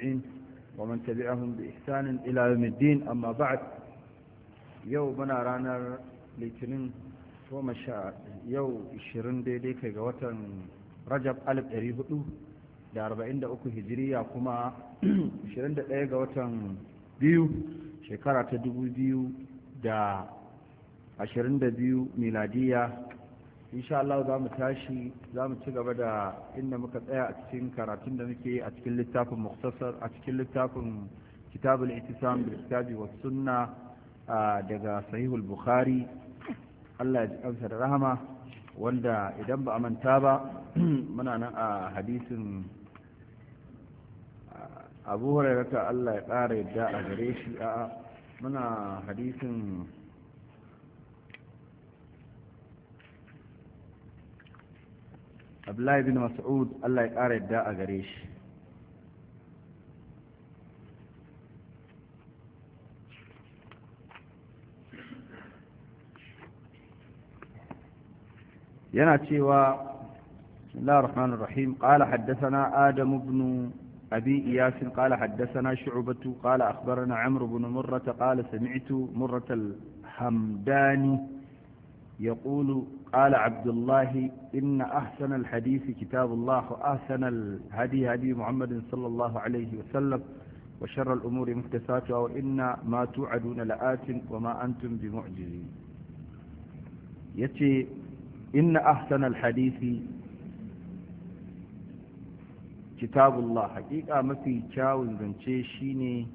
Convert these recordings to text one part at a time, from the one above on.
والتابعين ومن تبعهم بإحسان إلى يوم الدين أما بعد يومنا رانا litinin goma sha yau 20 daidai kai kuma 21 ga watan biyu shekara ta 2022 miladiya insha Allah za mu tashi za mu ci gaba da inda muka tsaya a cikin karatun da muke a cikin littafin muktasar a cikin littafin kitabul itisam bil kitabi was sunna daga sahihul bukhari Allah ya ji da rahama wanda idan ba a manta ba muna nan a hadisin Abu Hurairah Allah ya ƙara yadda a gare shi a muna hadisin abdullahi bin mas'ud Allah ya ƙara yadda a gare shi yana cewa الله الرحمن الرحيم قال حدثنا آدم بن أبي إياس قال حدثنا شعبة قال أخبرنا عمرو بن مرة قال سمعت مرة الحمداني يقول قال عبد الله إن أحسن الحديث كتاب الله وأحسن الهدي هدي محمد صلى الله عليه وسلم وشر الأمور محدثاتها وإن ما توعدون لآت وما أنتم بمعجزين يتي إن أحسن الحديث كتاب الله حقيقة ما في كاون زنشي شيني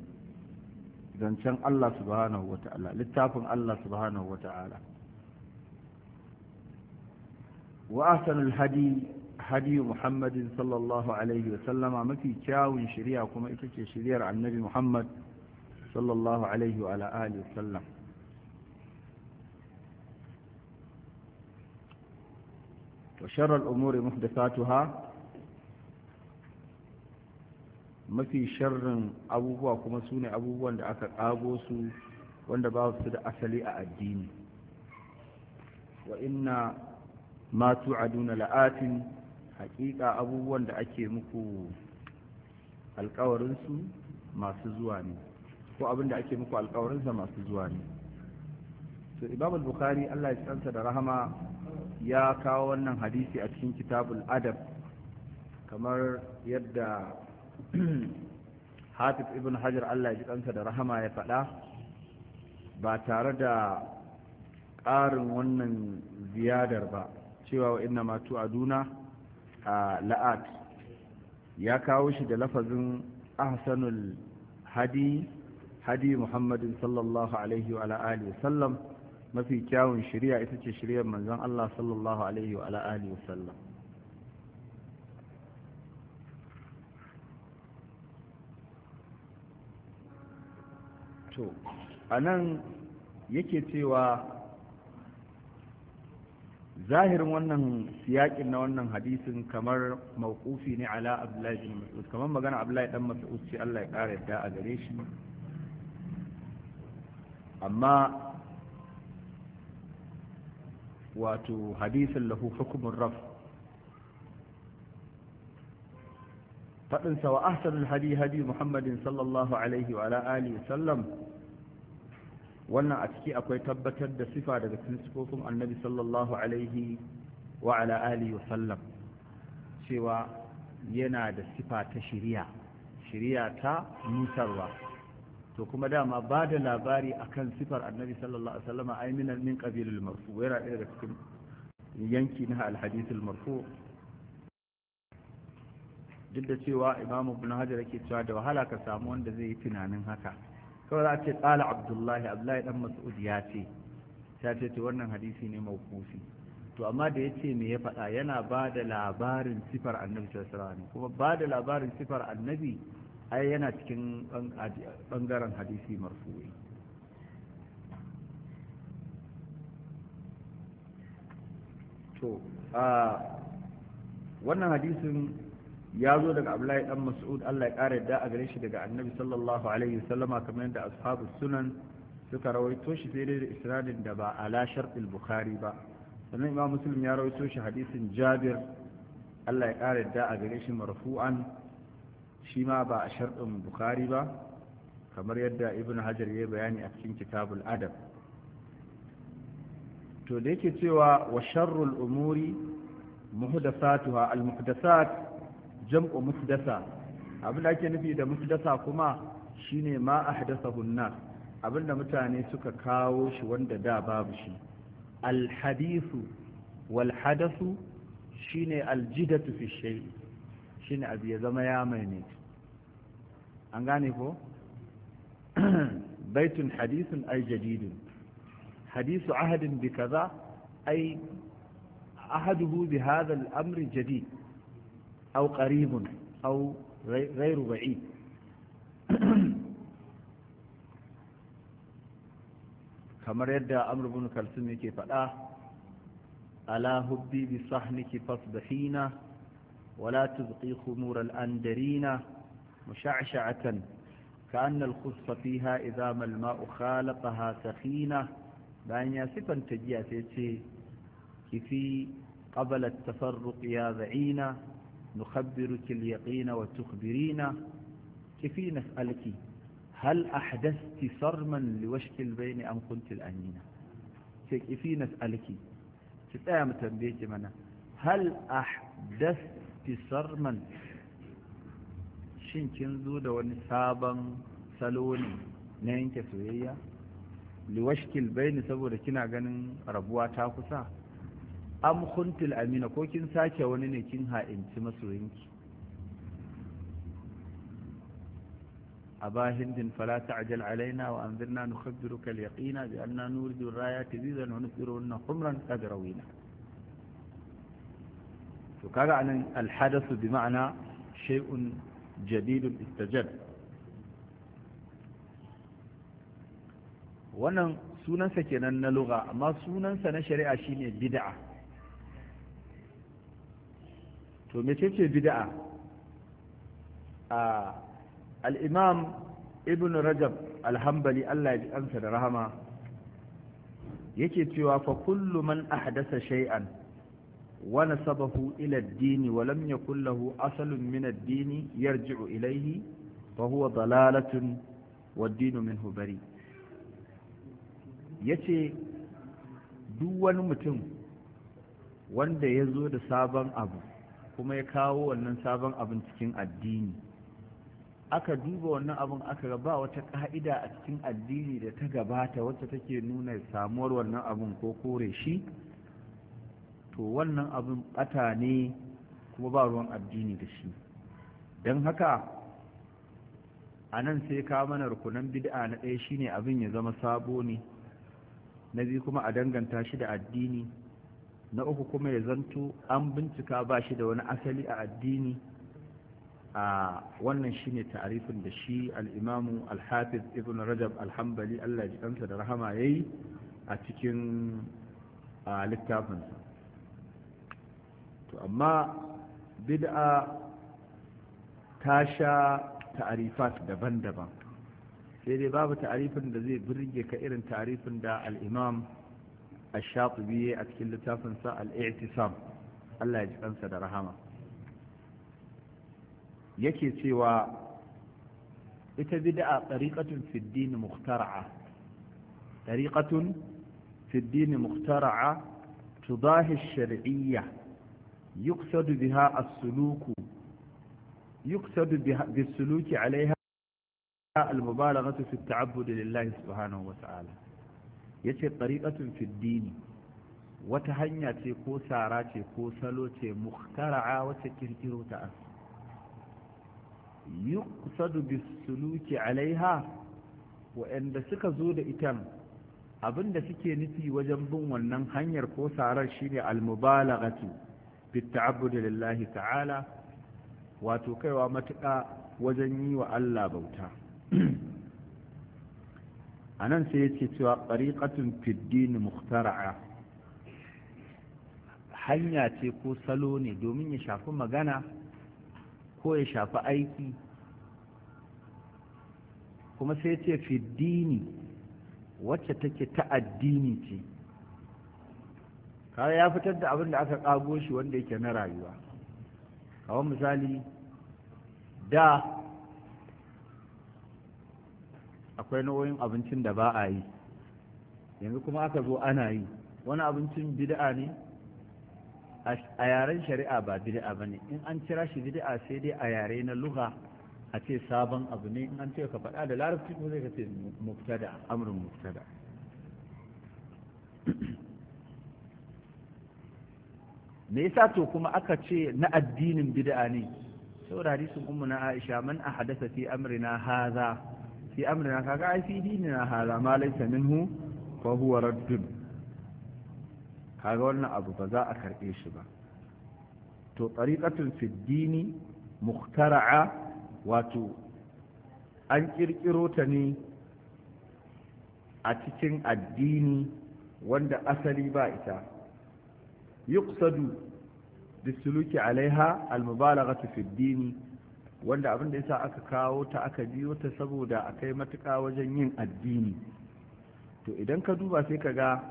زنشان الله سبحانه وتعالى للتافن الله سبحانه وتعالى وأحسن الهدي هدي محمد صلى الله عليه وسلم مكي تشاو شريعة كما إتكي شريعة عن النبي محمد صلى الله عليه وعلى آله وسلم وشر الأمور محدثاتها mafi sharrin abubuwa أبوه su ne abubuwan da aka ƙago وانا wanda ba su da asali ma tu'aduna la'atin haƙiƙa abubuwan da ake muku alƙawarinsu masu zuwa ne ko abin da ake muku alƙawarinsa masu zuwa ne to imam al-bukhari Allah ya tsanta da rahama ya kawo wannan hadisi a cikin kitabul adab kamar yadda hafiz ibn hajar Allah ya ji da rahama ya faɗa ba tare da ƙarin wannan ziyadar ba cewa wa matu ma tu'aduna a la'at ya kawo shi da lafazin ahsanul hadi hadi muhammadin sallallahu alaihi wa alihi sallam mafi kyawun shari'a ita ce shari'ar manzan Allah sallallahu alaihi wa alihi sallam to nan yake cewa zahirin wannan siyakin na wannan hadisin kamar mawqufi ne ala abdullahi bin mas'ud kamar magana abdullahi dan mas'ud ce Allah ya kare da a gare shi amma wato hadisin lahu hukumun raf faɗinsa wa ahsanul hadi hadi muhammadin sallallahu alaihi wa ala alihi sallam wannan a ciki akwai tabbatar da sifa daga cikin sifofin annabi sallallahu alaihi wa ala wa sallam cewa yana da sifa ta shiriya shiriya ta nutarwa to kuma dama ba da labari akan sifar annabi sallallahu alaihi wasallam ai min min qabilul marfu yana ɗaya daga cikin yanki na alhadithul marfu duk da cewa imamu ibn hajar yake cewa da wahala ka samu wanda zai yi tunanin haka kawai za a ce ƙala abdullahi abdullahi dan mas'ud ya ce ya ce ce wannan hadisi ne mawkufi to amma da ya ce me ya faɗa yana ba da labarin sifar annabi sallallahu alaihi kuma ba da labarin sifar annabi ai yana cikin ɓangaren hadisi marfu'i to a wannan hadisin ya zo daga abdullahi dan mas'ud Allah ya kare da a gare shi daga annabi sallallahu alaihi wasallama kamar yadda ashabu sunan suka rawaito shi sai da isnadin da ba ala shartil bukhari ba sannan imam muslim ya rawaito shi hadisin jabir Allah ya kare da a gare shi marfu'an shi ma ba a shartin bukhari ba kamar yadda ibn hajar ya bayani a cikin kitabul adab to da yake cewa wa sharrul umuri muhdathatuha al muhdathat jam'u musdasa abin ake nufi da musdasa kuma shine ma ahdathahu an-nas abin da mutane suka kawo shi wanda da babu shi alhadisu hadithu wal hadathu shine al fi shay'i shine abu ya zama ya maine an gane ko baitun hadithun ay jadidun hadithu ahadin bi kaza ay ahaduhu bi hadha al-amri jadid أو قريب أو غير بعيد كما يدى أمر بن كالسمي كيف لا ألا هبي بصحنك فاصبحينا ولا تبقي خمور الأندرينا مشعشعة كأن الخص فيها إذا ما الماء خالقها سخينة بأن ياسفا يصف تجيئة كفي قبل التفرق يا ذعينا نخبرك اليقين وتخبرينا كفي نسألك هل أحدثت صرما لوشك البين أم كنت الأنينة كفي نسألك تتأم تنبيك منا هل أحدثت صرما shin kin zo da wani sabon salo ne na yanke soyayya liwashkil bai saboda kina ganin rabuwa ta kusa am kuntil amina ko kin sake wani ne kin ha'inci masoyinki a ba hindin falata ajal alaina wa an birna nu khabiru kal yaƙina bi an na nuri jin raya ta zizan wani tsiro na kumran kagarawina to kaga anan alhadasu bi ma'ana shay'un jadidun istajar wannan sunansa kenan na luga amma sunansa na shari'a shine bid'a to mecece bid'a a al-imam ibn rajab alhambali Allah ya ansa da rahama yake cewa fa kullu man ahdasa shay'an wa nasabahu ila ad-din wa lam yakul lahu asalun min ad-din yarji'u ilayhi fa huwa dalalatun wad-din minhu bari yace duk wani mutum wanda ya zo da sabon abu kuma ya kawo wannan sabon abin cikin addini aka duba wannan abin aka ga ba wata ka'ida a cikin addini da ta gabata wacce take nuna samuwar wannan abin ko kore shi to wannan abin bata ne kuma ba ruwan addini da shi don haka a nan sai ka mana rukunan bid'a na ɗaya shine abin ya zama sabo ne na biyu kuma a danganta shi da addini na uku kuma ya zanto an bincika ba shi da wani asali a addini a wannan shi ne ta'arifin da shi al'imamu al-hafiz ibn rajab alhambali allah ji da rahama ya yi a cikin littafinsa to amma bid'a ta sha ta'arifat daban-daban sai dai babu ta'arifin da zai birge ka irin ta'arifin da al'imam الشاطبية أتكلم تافنسا الاعتصام الله يجفنسا درهما يكي سوى يتبدأ طريقة في الدين مخترعة طريقة في الدين مخترعة تضاهي الشرعية يقصد بها السلوك يقصد بها بالسلوك عليها المبالغة في التعبد لله سبحانه وتعالى ya ce ɗariƙatun fiddini wata hanya ce ko sara ce ko salo ce muhtara'a wacce kirkiro ta asu yuqsadu bisuluki alaiha wa'anda suka zo da ita abinda suke nufi wajen bin wannan hanyar ko sarar shine almubalagatu bitta'abbud lillahi ta'ala wato kaiwa matuƙa wajen yi wa Allah bauta a nan sai ya ce cewa ƙariƙatun fiddini muhtara'a hanya ce ko salo ne domin ya shafi magana ko ya shafi aiki kuma sai ya ce fiddini wacce take ta addini ce kawai ya fitar da abin da aka kago shi wanda yake na rayuwa kawai misali da akwai nauyin abincin da ba a yi yanzu kuma aka zo ana yi wani abincin bid'a ne a yaren shari'a ba bid'a ba ne in an cira shi bid'a sai dai a yare na lugha a ce sabon abu ne in an ce ka faɗa da larabci ko zai ka ce muftada amrin muftada me yasa to kuma aka ce na addinin bid'a ne saboda hadisin ummu na Aisha man ahadatha fi amrina hadha fi amrina kaga ai fi dinina hada ma laysa minhu fa huwa raddun kaga wannan abu ba za a karbe shi ba to tariqatul fi dini mukhtara'a wato an kirkiro ta ne a cikin addini wanda asali ba ita yuqsadu bisuluki alaiha almubalaghatu fi dini wanda abin da yasa aka kawo ta aka biyo ta saboda a kai matuƙa wajen yin addini to idan ka duba sai ka ga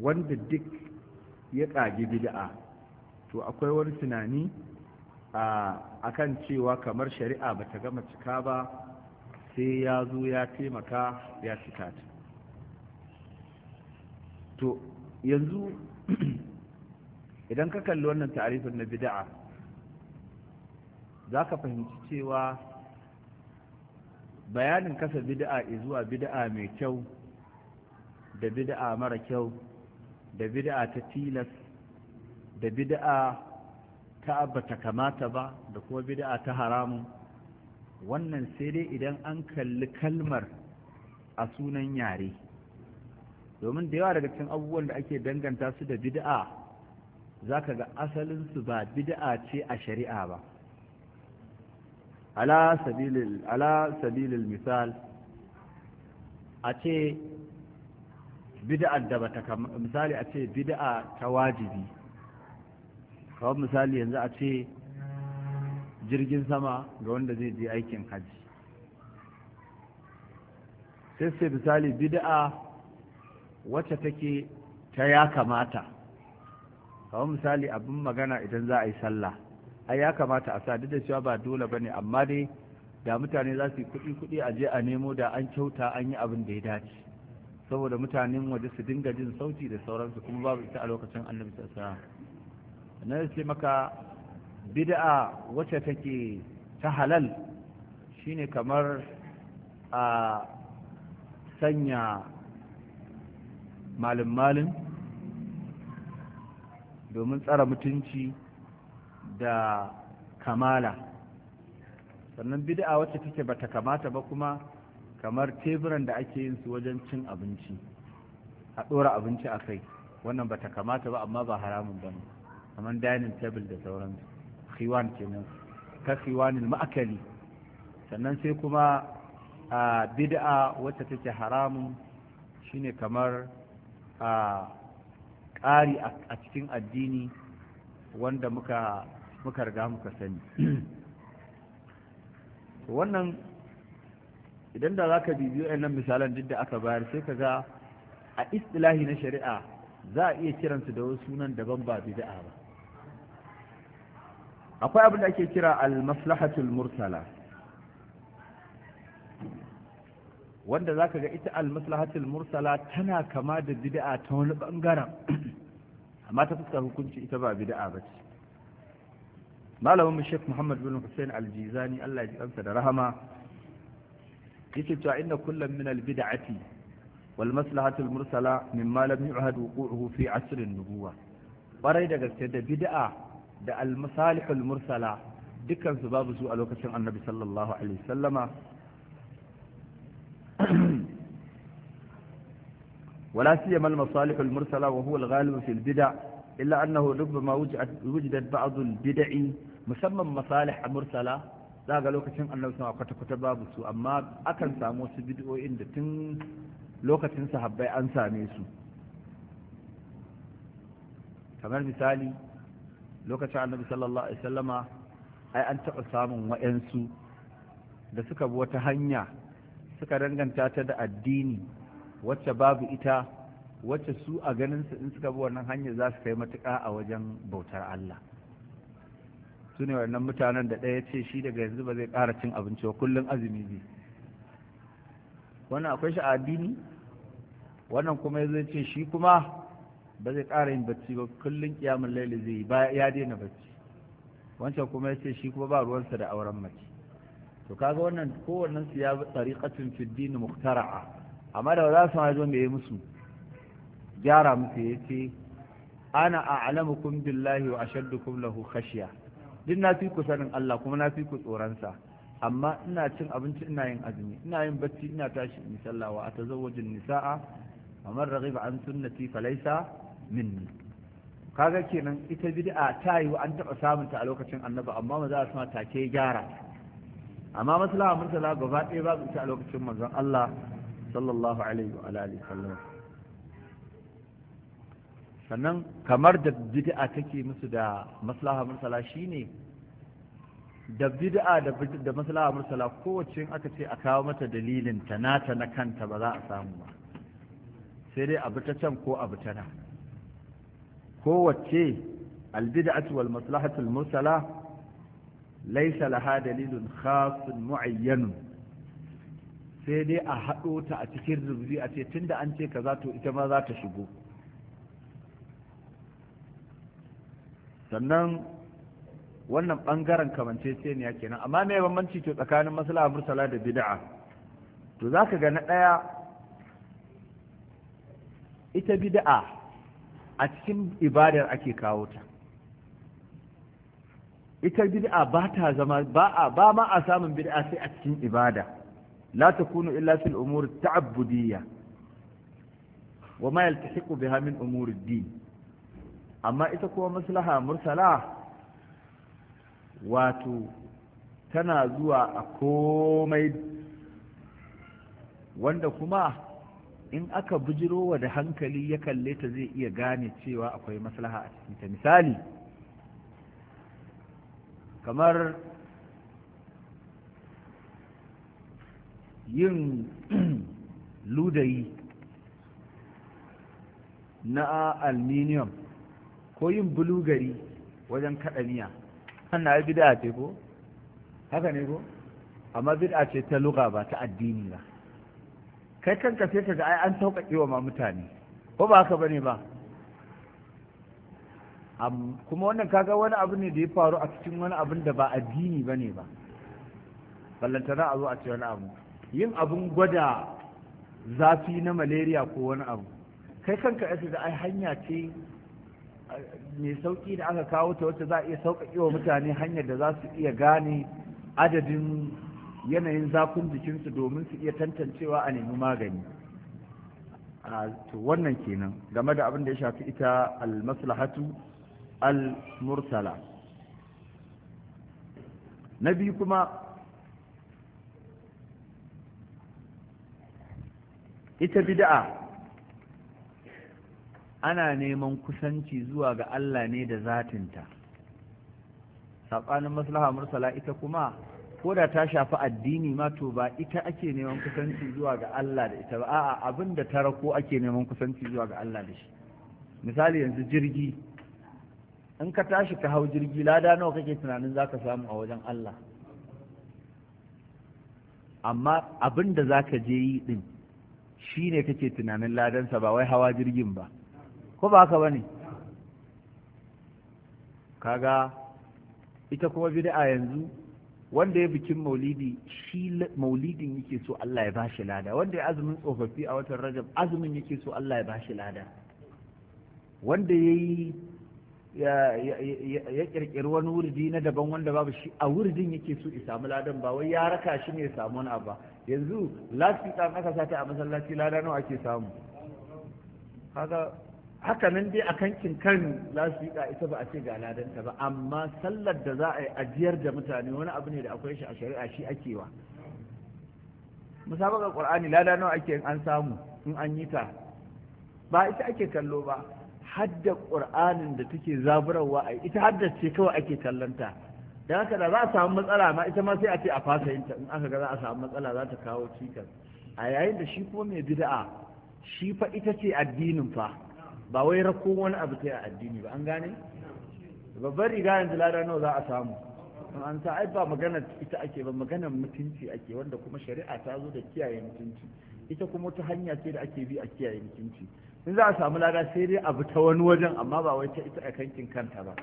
wanda duk ya ƙage bid'a to akwai wani tunani a kan cewa kamar shari'a ba ta gama cika ba sai ya zo ya taimaka ya cika ta to yanzu idan ka kalli wannan tarifin na bid'a za ka fahimci cewa bayanin kasa bid'a zuwa bid'a mai kyau da bid'a mara kyau da bid'a ta tilas da bid'a ta abata kamata ba da kuma bid'a ta haramun wannan sai dai idan an kalli kalmar a sunan yare domin da yawa daga cikin abubuwan da ake danganta su da bid'a za ka ga asalinsu ba bid'a ce a shari'a ba ala sabilil misal a ce bid'ar da bata kama misali a ce bid'a ta wajibi kawai misali yanzu a ce jirgin sama ga wanda zai je aikin hajji sai sai misali bid'a wacce take ta ya kamata kawai misali abin magana idan za a yi sallah a ya kamata a sadu da cewa ba dole ba ne amma dai da mutane za su yi kuɗi kuɗi a je a nemo da an kyauta an yi abin da ya dace saboda mutanen waje su dinga jin sauti da sauransu kuma babu ita a lokacin annabi sallallahu alaihi na ce maka bid'a wacce take ta halal shine kamar a sanya malin malin domin tsara mutunci da kamala sannan bid'a wacce take bata kamata ba kuma kamar teburan da ake yin su wajen cin abinci a ɗora abinci a kai wannan bata kamata ba amma ba haramun ba ne kamar dining table da sauran khiwan kenan ka khiwanin ma'akali sannan sai kuma bid'a wacce take haramun shine kamar a ƙari a cikin addini wanda muka muka riga muka sani wannan idan da za ka bibiyo nan misalan duk da aka bayar sai ka ga a istilahi na shari'a za a iya kiransu da wasu sunan daban ba bid'a ba akwai abin da ake kira al-maslahatul mursala wanda za ka ga ita al-maslahatul mursala tana kama da bid'a ta wani bangaren amma ta fuskar hukunci ita ba bid'a ba ce قال أم الشيخ محمد بن حسين الجيزاني الله أنسد رهما يسبت أن كل من البدعة والمسلحة المرسلة مما لم يعهد وقوعه في عصر النبوة فريد قصد بدعة دع المصالح المرسلة دكا سباب سؤال وكسر النبي صلى الله عليه وسلم ولا سيما المصالح المرسلة وهو الغالب في البدع إلا أنه ربما وجدت بعض البدع musamman masalih mursala za ga lokacin annabi sun kwata-kwata babu su amma akan samu wasu bid'o'in da tun lokacin sahabbai an same su kamar misali lokacin annabi sallallahu alaihi sallama ai an taɓa samun wa'yansu da suka bi wata hanya suka danganta ta da addini wacce babu ita wacce su a ganin su in suka bi wannan hanya za su kai matuƙa a wajen bautar Allah su ne wannan mutanen da ɗaya ce shi daga yanzu ba zai ƙara cin abinci ba kullum azumi ne wannan akwai shi a addini wannan kuma ya zai ce shi kuma ba zai ƙara yin bacci ba kullum ƙiyamun laili zai yi ya daina bacci wancan kuma ya ce shi kuma ba ruwansa da auren mace to kaga wannan kowannen su ya bi tsariƙatun fiddini muhtara'a amma da za su zo mai musu gyara musu ya ce ana a'lamukum billahi wa ashaddukum lahu khashiya duk na fi ku sanin Allah kuma na fi ku tsoronsa amma ina cin abinci ina yin azumi ina yin bacci ina tashi in sallah a atazawwajin nisa'a amma raghiba an sunnati falaysa minni kaga kenan ita bid'a ta yi an taba samun ta a lokacin annabi amma maza su ma take gyara amma maslaha mursala gaba ɗaya su ita a lokacin manzon Allah sallallahu alaihi wa alihi sallam sannan kamar da bid'a take musu da maslaha mursala shine da bid'a da maslaha mursala kowace aka ce a kawo mata dalilin ta nata na kanta ba za a samu ba sai dai abu ta can ko abu ta nan kowace albid'atu wal maslahatu mursala laysa laha dalilun khasun mu'ayyan sai dai a haɗo ta a cikin rubuzi a ce tunda an ce kaza to ita ma za ta shigo sannan wannan ɓangaren yake kenan amma mai bambanci to tsakanin masala mursala da bid'a to za ka ga na ɗaya ita bid'a a cikin ibadar ake kawo ta ita bid'a ba ta zama ba a ba ma a samun bid'a sai a cikin ibada la takunu illa fil umur ta'abbudiyya wa ma yaltahiqu biha min umur amma ita kuma maslaha mursala wato tana zuwa a komai wanda kuma in aka wa da hankali ya kalle ta zai iya gane cewa akwai maslaha a cikin ta misali kamar yin ludayi na alminium ko yin bulugari wajen kaɗaniya. miya na yi bid'a ce ko haka ne ko amma bid'a ce ta luga ba ta addini ba kai kanka sai kaga ai an sauƙaƙe wa ma mutane ko ba haka bane ba kuma wannan kaga wani abu ne da ya faru a cikin wani abin da ba addini ba ne ba ballantana a zo a ce wani abu yin abun gwada zafi na malaria ko wani abu kai kanka ya da ai hanya ce mai sauƙi da aka kawo ta wata za a iya sauƙaƙe wa mutane hanyar da za su iya gane adadin yanayin zafin jikinsu domin su iya tantancewa a nemi magani to wannan kenan game da abin da ya shafi ita al-Murtala na biyu kuma ita bida'a ana neman kusanci zuwa ga Allah ne da zatinta saƙanin maslaha mursala ita kuma ko da ta shafi addini ma to ba ita ake neman kusanci zuwa ga Allah da ita ba a'a abin da tarako ake neman kusanci zuwa ga Allah da shi misali yanzu jirgi in ka tashi ka hau jirgi lada nawa kake tunanin zaka samu a wajen Allah amma abin da zaka je yi din shine kake tunanin ladansa ba wai hawa jirgin ba ko ba haka bane kaga ita kuma bid'a yanzu wanda ya bikin maulidi shi maulidin yake so Allah ya bashi lada wanda ya azumin tsofaffi a watan rajab azumin yake so Allah ya bashi lada wanda ya yi ya kirkiri wani wurdi na daban wanda babu shi a wurdin yake so ya samu ladan ba wai ya raka shi ne ya samu wani abu yanzu last ta aka sata a masallaci lada nawa ake samu kaga haka nan dai a kankin kan za su yi ita ba a ce ga ladanta ba amma sallar da za a yi ajiyar da mutane wani abu ne da akwai shi a shari'a shi ake wa musabakar ƙwar'ani lada nawa ake an samu in an yi ta ba ita ake kallo ba hadda ƙwar'anin da take zaburarwa a ita hadda ce kawai ake kallonta da haka da za a samu matsala ma ita ma sai a ce a fasa yinta in aka ga za a samu matsala za ta kawo cikas a yayin da shi kuma mai bid'a shi fa ita ce addinin fa ba wai rako wani abu ta yi a addini ba an gane babbar riga yanzu lada nawa za a samu an sa ai ba magana ita ake ba magana mutunci ake wanda kuma shari'a ta zo da kiyaye mutunci ita kuma wata hanya ce da ake bi a kiyaye mutunci in za a samu lada sai dai abu ta wani wajen amma ba wai ta ita a kankin kanta ba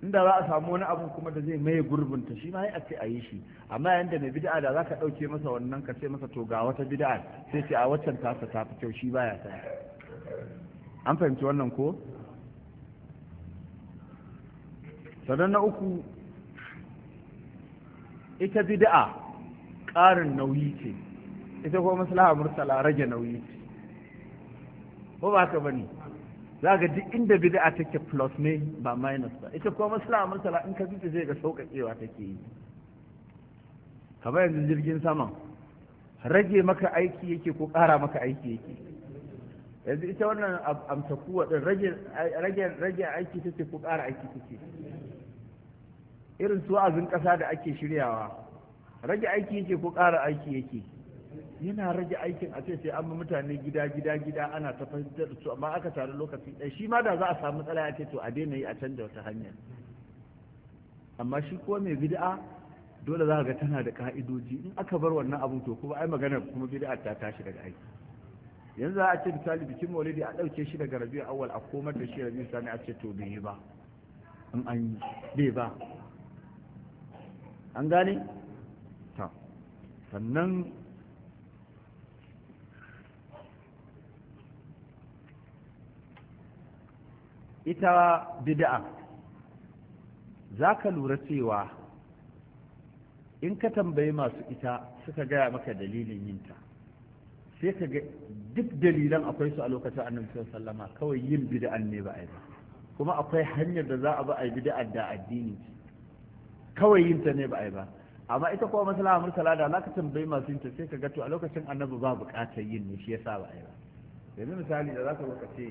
inda za a samu wani abu kuma da zai maye gurbinta shi ma a ce a yi shi amma yanda mai bid'a da za ka ɗauke masa wannan ka ce masa to ga wata bid'a sai ce a waccan tasa ta fi kyau shi baya sani an fahimci wannan ko sannan na uku ita bid'a ƙarin nauyi ce ita kuma maslaha mursala rage nauyi ce ko ba ka bane za ga duk inda bid'a take plus ne ba minus ba ita kuma maslaha mursala in ka bi zai ga sauƙaƙewa take yi kamar yanzu jirgin sama rage maka aiki yake ko ƙara maka aiki yake yanzu ita wannan amsakuwa din rage aiki take ko ƙara aiki take irin su azin ƙasa da ake shiryawa rage aiki yake ko ƙara aiki yake yana rage aikin a sai an mutane gida gida gida ana ta fahimtar su amma aka tare lokaci ɗaya shi ma da za a samu matsala ya ce to a daina yi a canza wata hanya amma shi ko mai bid'a dole za ga tana da ka'idoji in aka bar wannan abun to kuma ai maganar kuma bid'a ta tashi daga aiki yanzu a ce misali bikin maulidi a ɗauke shi daga rabi awal a komar da shi rabi sani a ce to bai yi ba in an bai ba an gane ta sannan ita bid'a za ka lura cewa in ka tambayi masu ita suka gaya maka dalilin yinta sai ka ga duk dalilan akwai su a lokacin annabi sallama kawai yin bid'an ne ba a yi ba kuma akwai hanyar da za a ba a yi bid'ar da addini kawai yin ta ne ba a yi ba amma ita kuma masala mursala da za ka tambayi masu yin ta sai ka ga to a lokacin annabi ba buƙatar yin ne shi yasa ba a yi ba yanzu misali da za ka ka ce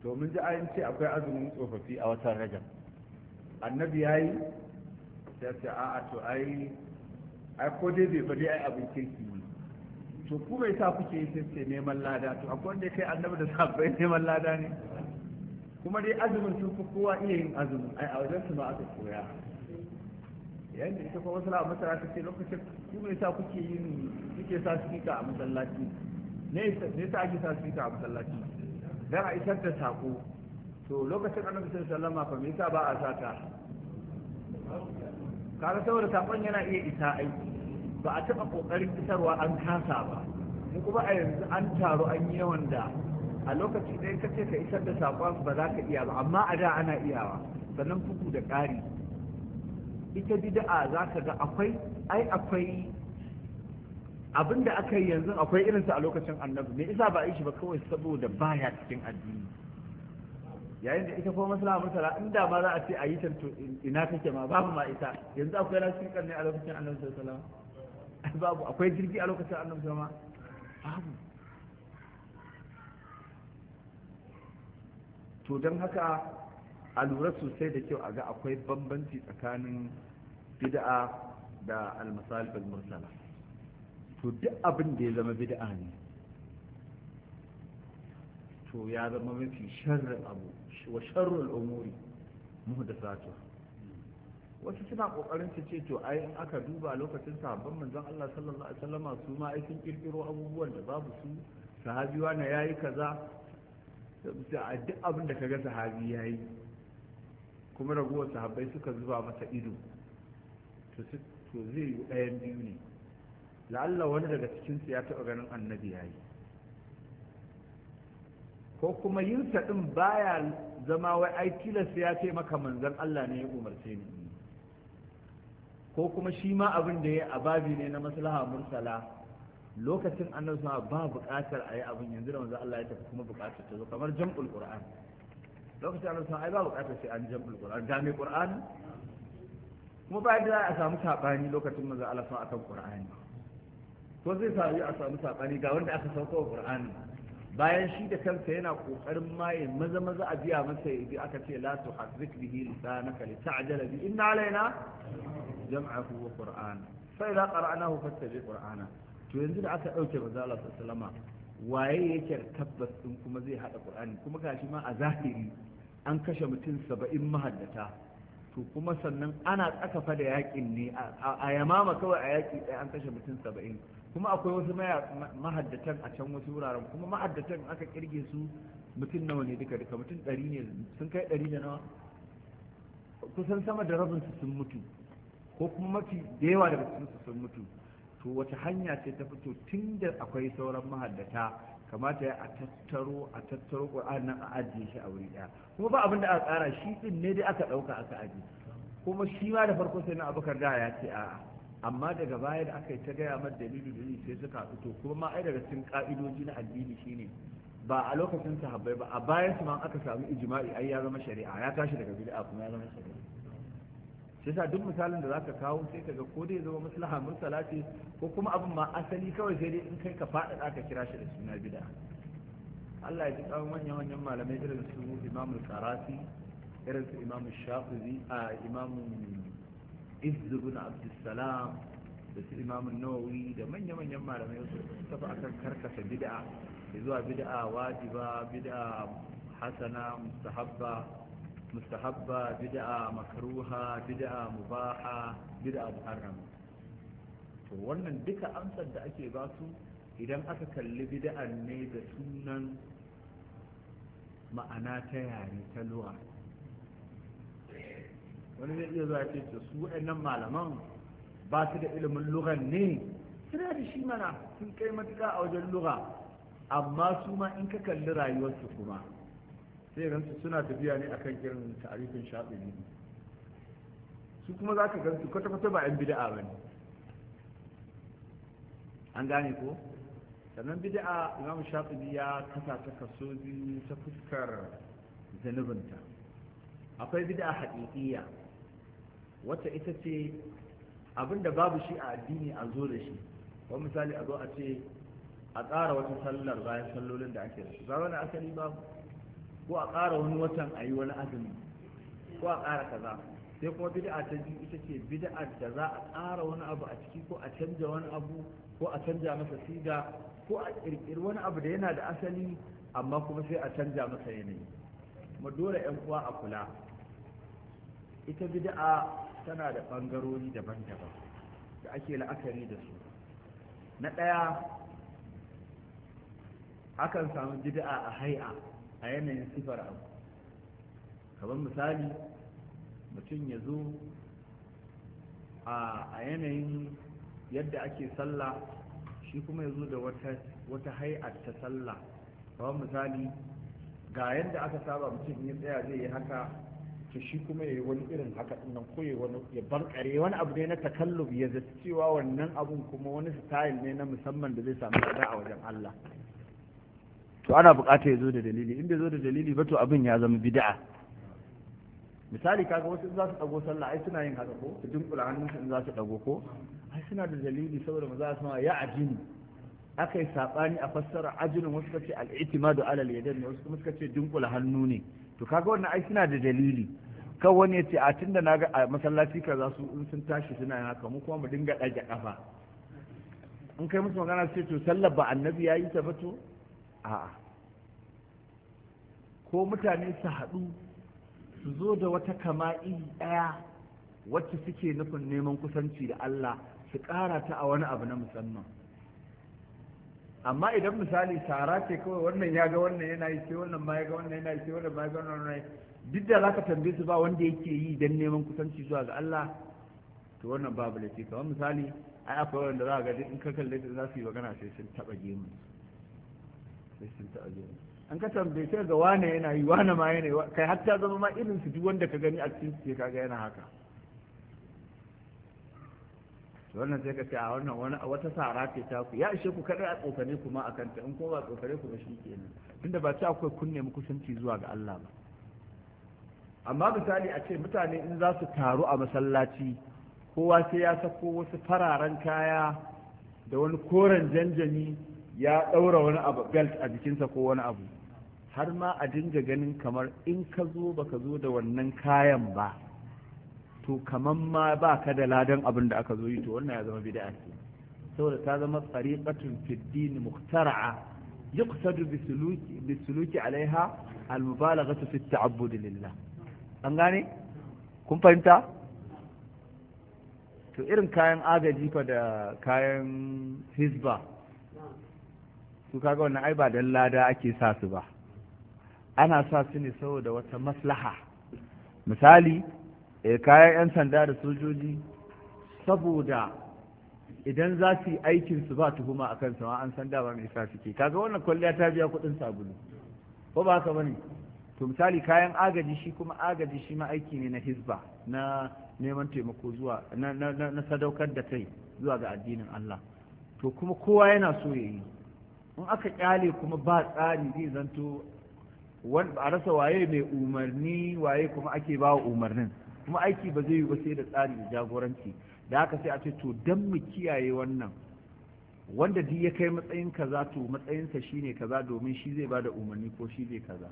to mun ji ayin ce akwai azumin tsofaffi a watan rajab annabi ya yi sai ce a'a to ai ai ko dai bai bari ai abin kirki to ku bai sa kuke yi sai neman lada to akwai wanda kai annabi da sabbai neman lada ne kuma dai azumin sun fi kowa iya yin azumin ai a wajen su ma aka koya yadda ita kuma sala masara ta ce lokacin ku bai sa kuke yin kuke sa sika a masallaci ne sa ake sa sika a masallaci dan a isar da sako to lokacin annabi sallallahu alaihi wasallam fa me yasa ba a sata kare saboda sakon yana iya isa aiki ba a taɓa ƙoƙarin fitarwa an kasa ba mu kuma a yanzu an taru an yi yawan da a lokaci ɗaya ka ce ka isar da saƙon ba za ka iya ba amma a da ana iyawa sannan bugu da ƙari ita bid'a za ka ga akwai ai akwai abin da aka yi yanzu akwai irinsa a lokacin annabi me isa ba a yi shi ba kawai saboda baya cikin addini yayin da ita kuma masala masala inda ma za a ce a yi ta ina take ma babu ma ita yanzu akwai lasikin ne a lokacin annabi sallallahu alaihi wasallam babu akwai jirgi a lokacin annabi sama babu to don haka a lura sosai da kyau a ga akwai bambanci tsakanin bid'a da almasalif mursala to duk abin da ya zama bid'a ne to ya zama mafi sharrin abu wa sharrul umuri muhdathatuha wasu suna kokarin su ce to ai in aka duba lokacin sahabban manzon Allah sallallahu alaihi wasallama su ma ai sun kirkiro abubuwan da babu su sahabiwa na yayi kaza sai duk abin da kaga sahabi yayi kuma raguwar sahabbai suka zuba masa ido to zai yi ɗayan biyu ne la'alla wani daga cikinsu ya taɓa ganin annabi yayi ko kuma yin ɗin baya zama wai ai tilas ya ce maka manzon Allah ne ya umarce ni ko kuma shi ma abin da ya a babi ne na maslaha mursala lokacin annabi sa ba buƙatar a yi abin yanzu da manzo Allah ya tafi kuma buƙatar ta zo kamar jam'ul qur'an lokacin annabi sa ai ba buƙatar sai an jam'ul qur'an ga mai qur'an kuma ba da a samu sabani lokacin manzo Allah sa akan qur'ani ko zai sami a samu sabani ga wanda aka sauko qur'ani bayan shi da kansa yana kokarin maye maza maza a biya masa yaji aka ce la tuhazzik bihi lisanaka li ta'jala bi inna alaina jam'ahu wa qur'an fa idza qara'nahu fattabi qur'ana to yanzu da aka dauke manzo sallama waye yake tabbas din kuma zai hada qur'ani kuma gashi ma a zahiri an kashe mutum 70 mahaddata to kuma sannan ana tsakafa da yakin ne a yamama kawai a yaki ɗaya an kashe mutum 70 kuma akwai wasu mahaddatan a can wasu wuraren kuma mahaddatan aka kirge su mutum nawa ne duka duka mutum ɗari ne sun kai ɗari da nawa kusan sama da rabin su sun mutu ko kuma mafi da yawa daga cikin su sun mutu to wata hanya ce ta fito tun da akwai sauran mahaddata kamata ya a tattaro a tattaro qur'an nan a ajiye shi a wuri daya kuma ba abin da aka tsara shi din ne dai aka ɗauka aka ajiye kuma shi ma da farko sai na abubakar da ya ce a'a amma daga baya da aka yi ta gaya mar dalili dalili sai suka fito kuma ma ai daga cikin ka'idoji na addini shine ba a lokacin sahabbai ba a bayan su ma aka samu ijma'i ai ya zama shari'a ya tashi daga bid'a kuma ya zama shari'a shi sa duk misalin da zaka kawo sai kaga ko dai zama maslaha mursala ce ko kuma abin ma asali kawai sai dai in kai ka faɗa aka kira shi da suna bid'a Allah ya ji tsawon manyan manyan malamai irin su Imam Al-Qarasi irin su Imam Shafi'i a Imam Izz ibn Abdussalam da su Imam Nawawi da manyan manyan malamai su tafi akan karkasa bid'a zuwa bida'a wajiba bid'a hasana mustahabba mustahabba bid'a makruha bid'a mubaha bid'a muharram, to wannan duka amsar da ake ba su idan aka kalli bid'an ne da sunan ma'ana ta yare ta luwa wani zai iya zuwa ce su waɗannan malaman ba su da ilimin lugan ne suna da shi mana sun kai matuka a wajen lura, amma su ma in ka kalli rayuwarsu kuma sai gansu suna tafiya ne akan irin tarihin shaɗin su kuma za ka gansu kwata-kwata ba 'yan bida'a ba ne an gane ko sannan bida'a imam shaɗin ya kasa ta kaso biyu ta fuskar zanubinta akwai bida'a haƙiƙiya wata ita ce abinda babu shi a addini a zo da shi wani misali a zo a ce a tsara wata sallar bayan sallolin da ake da shi ba wani asali babu ko a ƙara wani watan a yi wani azumi ko a ƙara kaza sai kuma bid'a ta biyu ita ce bid'a da za a ƙara wani abu a ciki ko a canja wani abu ko a canja masa siga ko a ƙirƙiri wani abu da yana da asali amma kuma sai a canja masa yanayi kuma dole yan uwa a kula ita bid'a tana da ɓangarori daban-daban da ake la'akari da su na ɗaya akan samu bid'a a hai'a a yanayin sifar abu kamar misali mutum ya zo a yanayin yadda ake sallah shi kuma ya zo da wata hai'ar ta sallah kamar misali ga yadda aka saba mutum ya tsaya zai yi haka to shi kuma ya yi wani irin haka nan ko ya wani ya bankare wani abu ne na takallub ya zata cewa wannan abun kuma wani style ne na musamman da zai samu a wajen Allah to ana buƙatar ya zo da dalili in bai zo da dalili ba to abin ya zama bid'a misali kaga wasu za su dago sallah ai suna yin haka ko su dinkula hannunsu in za su dago ko ai suna da dalili saboda maza su ya ajini akai sabani saɓani a fassara ajinin wasu kace ala al yadan wasu kuma suka ce dinkula hannu ne to kaga wannan ai suna da dalili kan wani ya ce a tunda na ga masallaci ka za su in sun tashi suna yin haka mu kuma mu dinga dage ƙafa in kai musu magana sai to sallar ba annabi ya yi ta ba to a'a ko mutane su haɗu su zo da wata kama'i ɗaya wacce suke nufin neman kusanci da Allah su ƙara ta a wani abu na musamman amma idan misali sara ce kawai wannan ya ga wannan yana yi sai wannan ma ya ga wannan yana yi sai wannan ma ya ga wannan duk da zaka tambaye su ba wanda yake yi dan neman kusanci zuwa ga Allah to wannan babu laifi kamar misali ai akwai wanda za ga duk in ka kalle su za su yi magana sai sun taba gemu an ka tambaye ga wane yana yi wane ma yana yi kai hatta zama ma irin su duk wanda ka gani a cikin su kaga yana haka wannan sai ka ce a wannan wani a wata sara ce ta ku ya ishe ku kada a tsokane ku ma akan ta in ko ba tsokane ku ba shi kenan tunda ba ta akwai kunne mu kusanci zuwa ga Allah ba amma misali a ce mutane in za su taru a masallaci kowa sai ya sako wasu fararen kaya da wani koren janjani ya ɗaura wani abu belt a jikinsa ko wani abu har ma a dinga ganin kamar in ka zo ba ka zo da wannan kayan ba to kamar ma ba ka da ladan abin da aka zo yi to wannan ya zama bid'a ce saboda ta zama tsariƙatun fiddin muhtara'a yuqsadu bi suluki alaiha al fi ta'abbud lillah an gane kun fahimta to irin kayan agaji fa da kayan hizba su kaga wannan ai ba dan lada ake sa su ba ana sa su ne saboda wata maslaha misali eh, kayan 'yan sanda da sojoji saboda idan za su yi aikin su ba tuhuma a kansa ma an san ba mai sa suke kaga wannan kwalliya ta biya kuɗin sabulu ko ba haka bane to misali kayan agaji shi kuma agaji shi ma aiki ne na Hisba na neman taimako zuwa na sadaukar da kai zuwa ga addinin Allah to kuma kowa yana so ya yi in aka kyale kuma ba tsari zai zanto a rasa waye mai umarni waye kuma ake ba wa umarnin kuma aiki ba zai yi ba sai da tsari da jagoranci da haka sai a ce to don mu kiyaye wannan wanda duk ya kai matsayin kaza to matsayinsa shine kaza domin shi zai ba da umarni ko shi zai kaza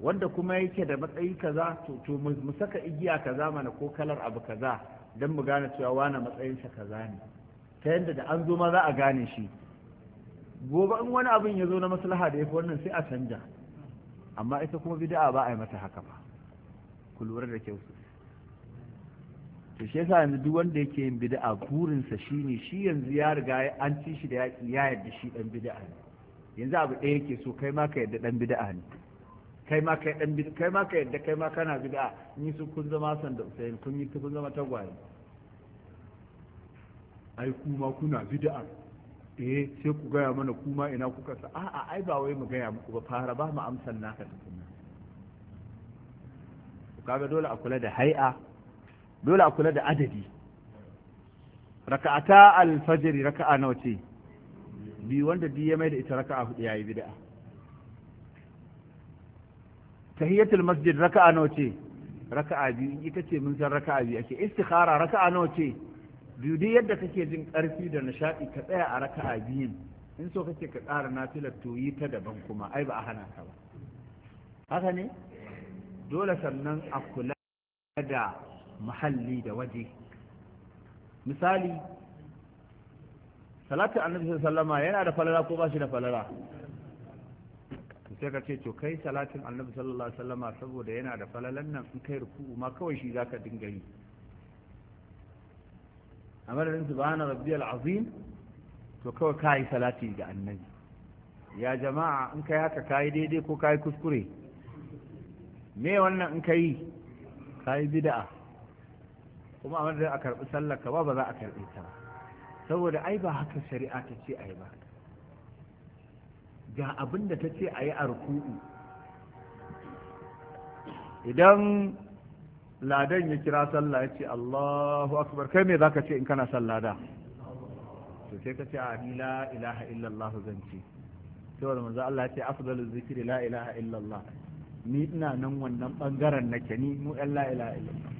wanda kuma yake da matsayi kaza to to mu saka igiya kaza mana ko kalar abu kaza don mu gane cewa wane matsayinsa kaza ne ta yadda da an zo ma za a gane shi gobe in wani abin ya zo na maslaha da ya fi wannan sai a canja amma ita kuma bida'a ba a yi mata haka ba ku lura da kyau su to shi yasa yanzu duk wanda yake yin bida'a burinsa shine shi yanzu ya riga an ci shi da ya yarda shi dan bida'a ne yanzu abu ɗaya yake so kai ma ka yarda dan bida'a ne kai ma kai dan bida'a kai ma ka yarda kai ma kana bida'a. ni su kun zama san da usain kun yi kun zama tagwaye ai kuma kuna bida'a eh sai ku gaya mana kuma ina kuka sa a'a ai ba wai mu gaya muku ba fara ba mu amsan naka tukunna kaga dole a kula da hai'a dole a kula da adadi raka'ata al-fajr raka'a nawa ce bi wanda bi ya mai da ita raka'a hudu yayi bid'a tahiyatul masjid raka'a nawa ce raka'a biyu ita ce mun san raka'a biyu ake istikhara raka'a nawa ce biyu duk yadda kake jin ƙarfi da nishaɗi ka tsaya a raka a biyun in so kake ka ƙara nafilar to yi ta daban kuma ai ba a hana ka ba haka ne dole sannan a kula da muhalli da waje misali salatu annabi sallama yana da falala ko ba shi da falala sai ka ce to kai salatin annabi sallallahu alaihi wasallama saboda yana da falalan nan in kai ruku'u ma kawai shi zaka dinga yi a madadin subhana rabbiyal azim to kawai ka yi salati ga annabi ya jama'a in kai haka ka daidai ko ka kuskure me wannan in ka yi bid'a kuma a madadin a karbi sallar ka ba ba za a karɓi ta saboda ai ba haka shari'a ta ce ai ba ga abin da ta ce a yi a ruku'u idan ladan ya kira sallah ya ce Allahu akbar kai me zaka ce in kana sallah da to sai ka ce a ni la ilaha illallah zan ce sai wanda manzo Allah ya ce afdalu zikri la ilaha illallah ni ina nan wannan bangaren nake ni mu ɗan la ilaha illallah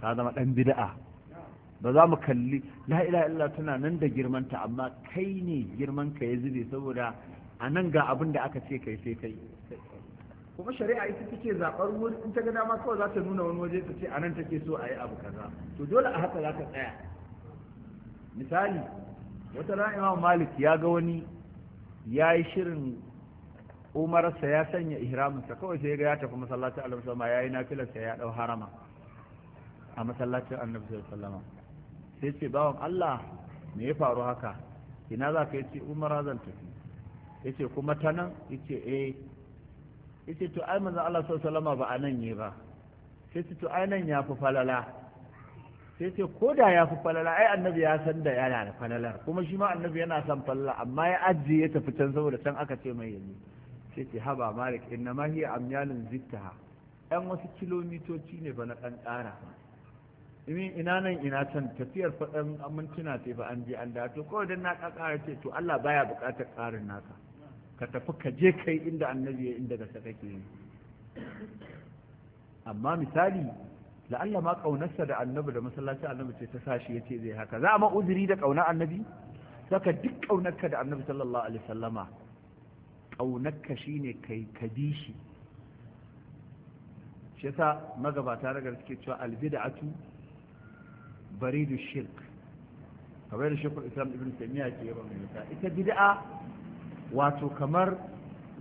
ka zama ɗan bid'a ba za mu kalli la ilaha illallah tana nan da girmanta amma kai ne girman ka ya zube saboda a nan ga abin da aka ce kai sai kai kuma shari'a ita take zaɓar wuri in ta ga dama kawai za ta nuna wani waje ta ce a nan take so a yi abu kaza to dole a haka za ka tsaya misali wata ran imam malik ya ga wani ya yi shirin umararsa ya sanya ihraminsa kawai sai ga ya tafi masallacin annabi sallama ya yi nafilarsa ya ɗau harama a masallacin annabi sallama sai ce bawan allah me ya faru haka ina za ka yi ce umara zan tafi ya ce kuma ta nan ya ce eh yace to ai manzon Allah sallallahu ba anan yi ba sai ce to ai nan ya fi falala sai ce ko da ya fi falala ai annabi ya san da yana da falalar kuma shi ma annabi yana san falala amma ya ajiye ya tafi can saboda can aka ce mai yanzu sai ce haba malik inna ma hiya amyalun zittaha ɗan wasu kilomitoci ne ba na ɗan ƙara ina nan ina can tafiyar faɗan mintuna ce ba an je an da to kawai dan na ƙaƙara ce to Allah baya buƙatar ƙarin naka ka tafi ka je kai inda annabi ya inda gaske kake yi amma misali la'alla ma ƙaunarsa da annabi da masallacin annabi ce ta sashi ya ce zai haka za a ma uzuri da kauna annabi saka duk ƙaunarka da annabi sallallahu alaihi Ƙaunarka shi ne kai kadishi shi yasa magabata daga suke cewa albid'atu baridu shirk kamar da shekul islam ibn taymiya ke yawan ita ita bid'a wato kamar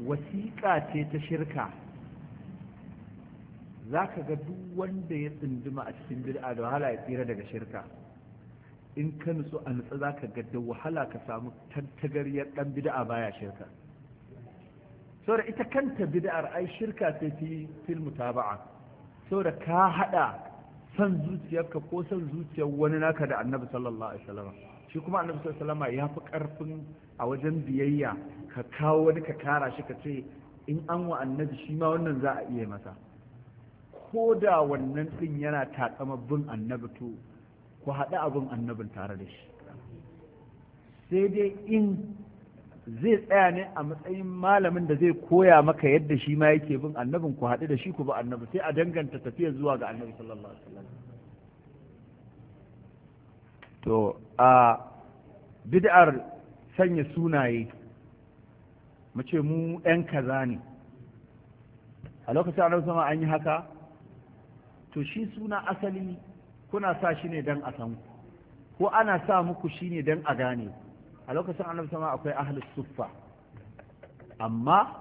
wasiƙa ce ta shirka za ka ga duk wanda ya tsinduma a cikin bid'a da wahala ya tsira daga shirka in ka nutsu a nutsu za ka ga da wahala ka samu tantagariyar ɗan bid'a baya shirka saboda ita kanta bid'ar ai shirka sai ta yi fil saboda ka haɗa son zuciyarka ko son zuciyar wani naka da annabi sallallahu alaihi shi kuma annabi sallallahu alaihi ya fi ƙarfin a wajen biyayya ka kawo wani ka kara shi ka ce in an wa annabi shi ma wannan za a iya masa ko da wannan ɗin yana takamar bin annabi to ku haɗa abin annabin tare da shi sai dai in zai tsaya ne a matsayin malamin da zai koya maka yadda shi ma yake bin annabin ku haɗu da shi ku bi annabi sai a danganta tafiya zuwa ga annabi sallallahu alaihi wasallam to a bid'ar sanya sunaye Mace mu 'yan kaza ne a lokacin annabi sama an yi haka to shi suna asali kuna sa shi ne don a san ko ana sa muku shi ne don a gane a lokacin annabi sama akwai ahlus suffa amma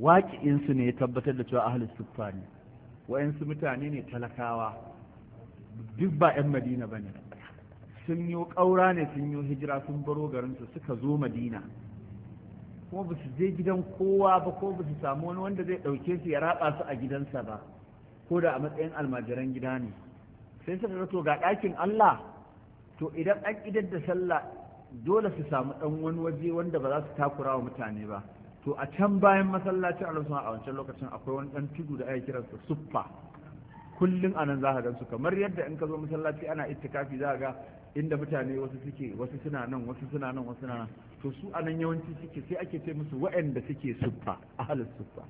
waƙi'insu ne ya tabbatar da cewa ahlus suffa ne wa'yansu mutane ne talakawa duk ba 'yan madina ba ne sun yi ƙaura ne sun yi hijira sun baro garinsu suka zo madina kuma ba su je gidan kowa ba ko ba su samu wani wanda zai ɗauke su ya raba su a gidansa ba ko da a matsayin almajiran gida ne sai suka ga to ga ɗakin Allah to idan an idar da sallah dole su samu ɗan wani waje wanda ba za su takura wa mutane ba to a can bayan masallacin alusuna a wancan lokacin akwai wani ɗan tudu da ake kiransa suffa kullum a nan za ka gansu kamar yadda in ka zo masallaci ana ittikafi za ga inda mutane wasu suke wasu suna nan wasu suna nan wasu suna nan to su anan yawanci suke sai ake ce musu waɗanda suke suffa ahalus suffa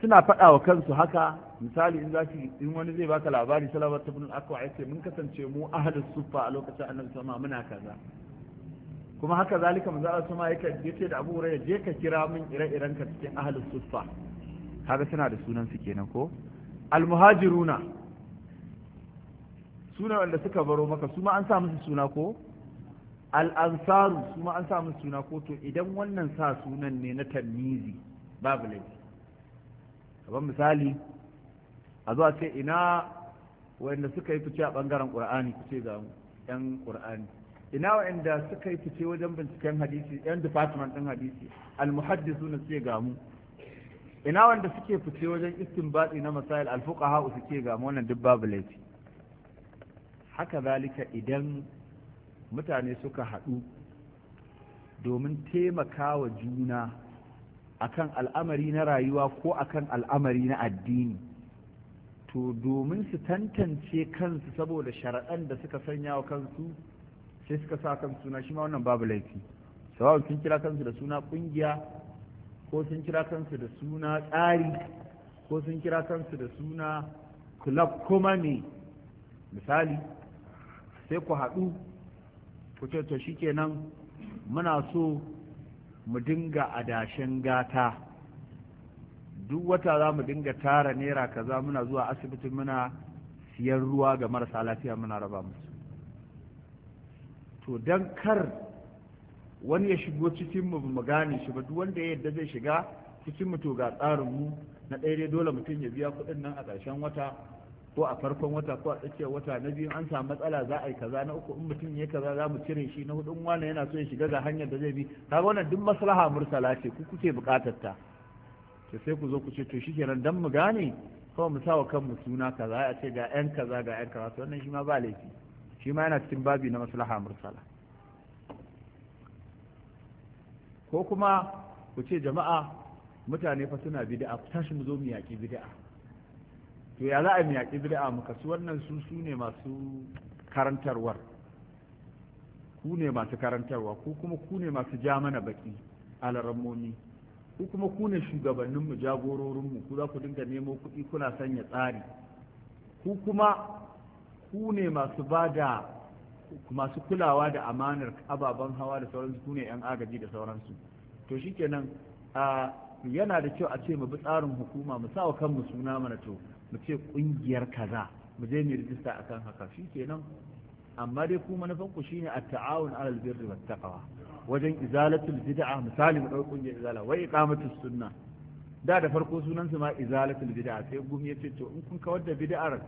suna faɗa wa kansu haka misali in zaki in wani zai baka labari salawat ibn akwa ya ce mun kasance mu ahalus suffa a lokacin annabi sama muna kaza kuma haka zalika manzo Allah sama yake ce da Abu Hurairah je ka kira min ire-iren ka cikin ahalus suffa kaga suna da sunan su kenan ko almuhajiruna sunan wanda suka baro maka su ma an sa musu suna ko al'ansaru su ma an samu suna ko to idan wannan sa sunan ne na tamizi babu laifi kaban misali a zuwa ce ina wanda suka yi fice a bangaren ƙur'ani ce ga yan ƙur'ani ina wanda suka yi fice wajen binciken hadisi yan department ɗin hadisi al na ce ga mu ina wanda suke fice wajen istinbati na masail alfuqaha suke ga mu wannan duk babu laifi haka zalika idan mutane suka haɗu domin taimakawa juna akan al'amari na rayuwa ko akan al'amari na addini to domin su tantance kansu saboda shari'an da suka sanya wa kansu sai suka sa kan suna shi ma wannan babu laifi sawa sun kira kansu da suna ƙungiya ko sun kira kansu da suna tsari ko sun kira kansu da suna kulab kuma ne misali sai ku haɗu ku shi to shikenan muna so mu dinga adashin gata duk wata za mu dinga tara naira kaza muna zuwa asibiti muna siyan ruwa ga marasa lafiya muna raba musu to don kar wani ya shigo cikin mu mu gane shi ba duk wanda yadda zai shiga cikin mu to ga tsarin mu na ɗaya dole mutum ya biya kuɗin nan a ƙarshen wata ko a farkon wata ko a tsakiyar wata na biyu an samu matsala za a yi kaza na uku in mutum ya kaza za mu cire shi na hudu wani yana so ya shiga ga hanyar da zai bi kaga wannan duk maslaha mursala ce ku kuke bukatar ta to sai ku zo ku ce to shikenan dan mu gane kawai mu sawa kanmu suna kaza a ce ga yan kaza ga yan kaza wannan shi ma ba laifi shi ma yana cikin babi na maslaha mursala ko kuma ku ce jama'a mutane fa suna bid'a ku tashi mu zo mu yaki bid'a to ya za a miya yaƙi bid'a muka su wannan su su ne masu karantarwar ku ne masu karantarwa ko kuma ku ne masu ja mana baki alarammomi ku kuma ku ne shugabanninmu jagororinmu ku za ku dinga nemo kuɗi kuna sanya tsari ku kuma ku ne masu ba da masu kulawa da amanar ababen hawa da sauransu ku ne 'yan agaji da sauransu to shikenan yana da kyau a ce mu bi tsarin hukuma mu sa wa kanmu suna mana to mu ce kungiyar kaza mu je mu rijista akan haka Shi shikenan amma dai ku manufan ku shine at-ta'awun 'alal birri wat taqwa wajen izalatul bid'a misali mu dauki kungiyar izala wa iqamatus sunna da da farko sunan su ma izalatul bid'a sai gumi yace to in kun kawar da bid'ar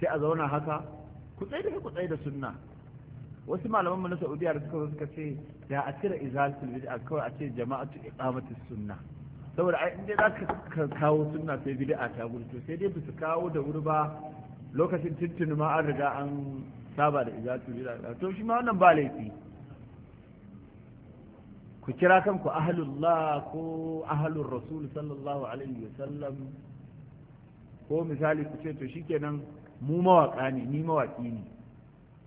sai a zauna haka ku tsaye da ku tsaye da sunna wasu malaman mu na Saudiya da suka suka ce da a cire izalatul bid'a kawai a ce jama'atu iqamatus sunna saboda ai inda za ka kawo suna sai bid'a ta gurto sai dai bisu kawo da wuri ba lokacin tuntun ma an riga an saba da izatu bid'a to shi ma wannan ba laifi ku kira kanku ahlullah ko ahlur rasul sallallahu alaihi sallam, ko misali ku ce to shikenan mu mawaka ne ni mawaki ne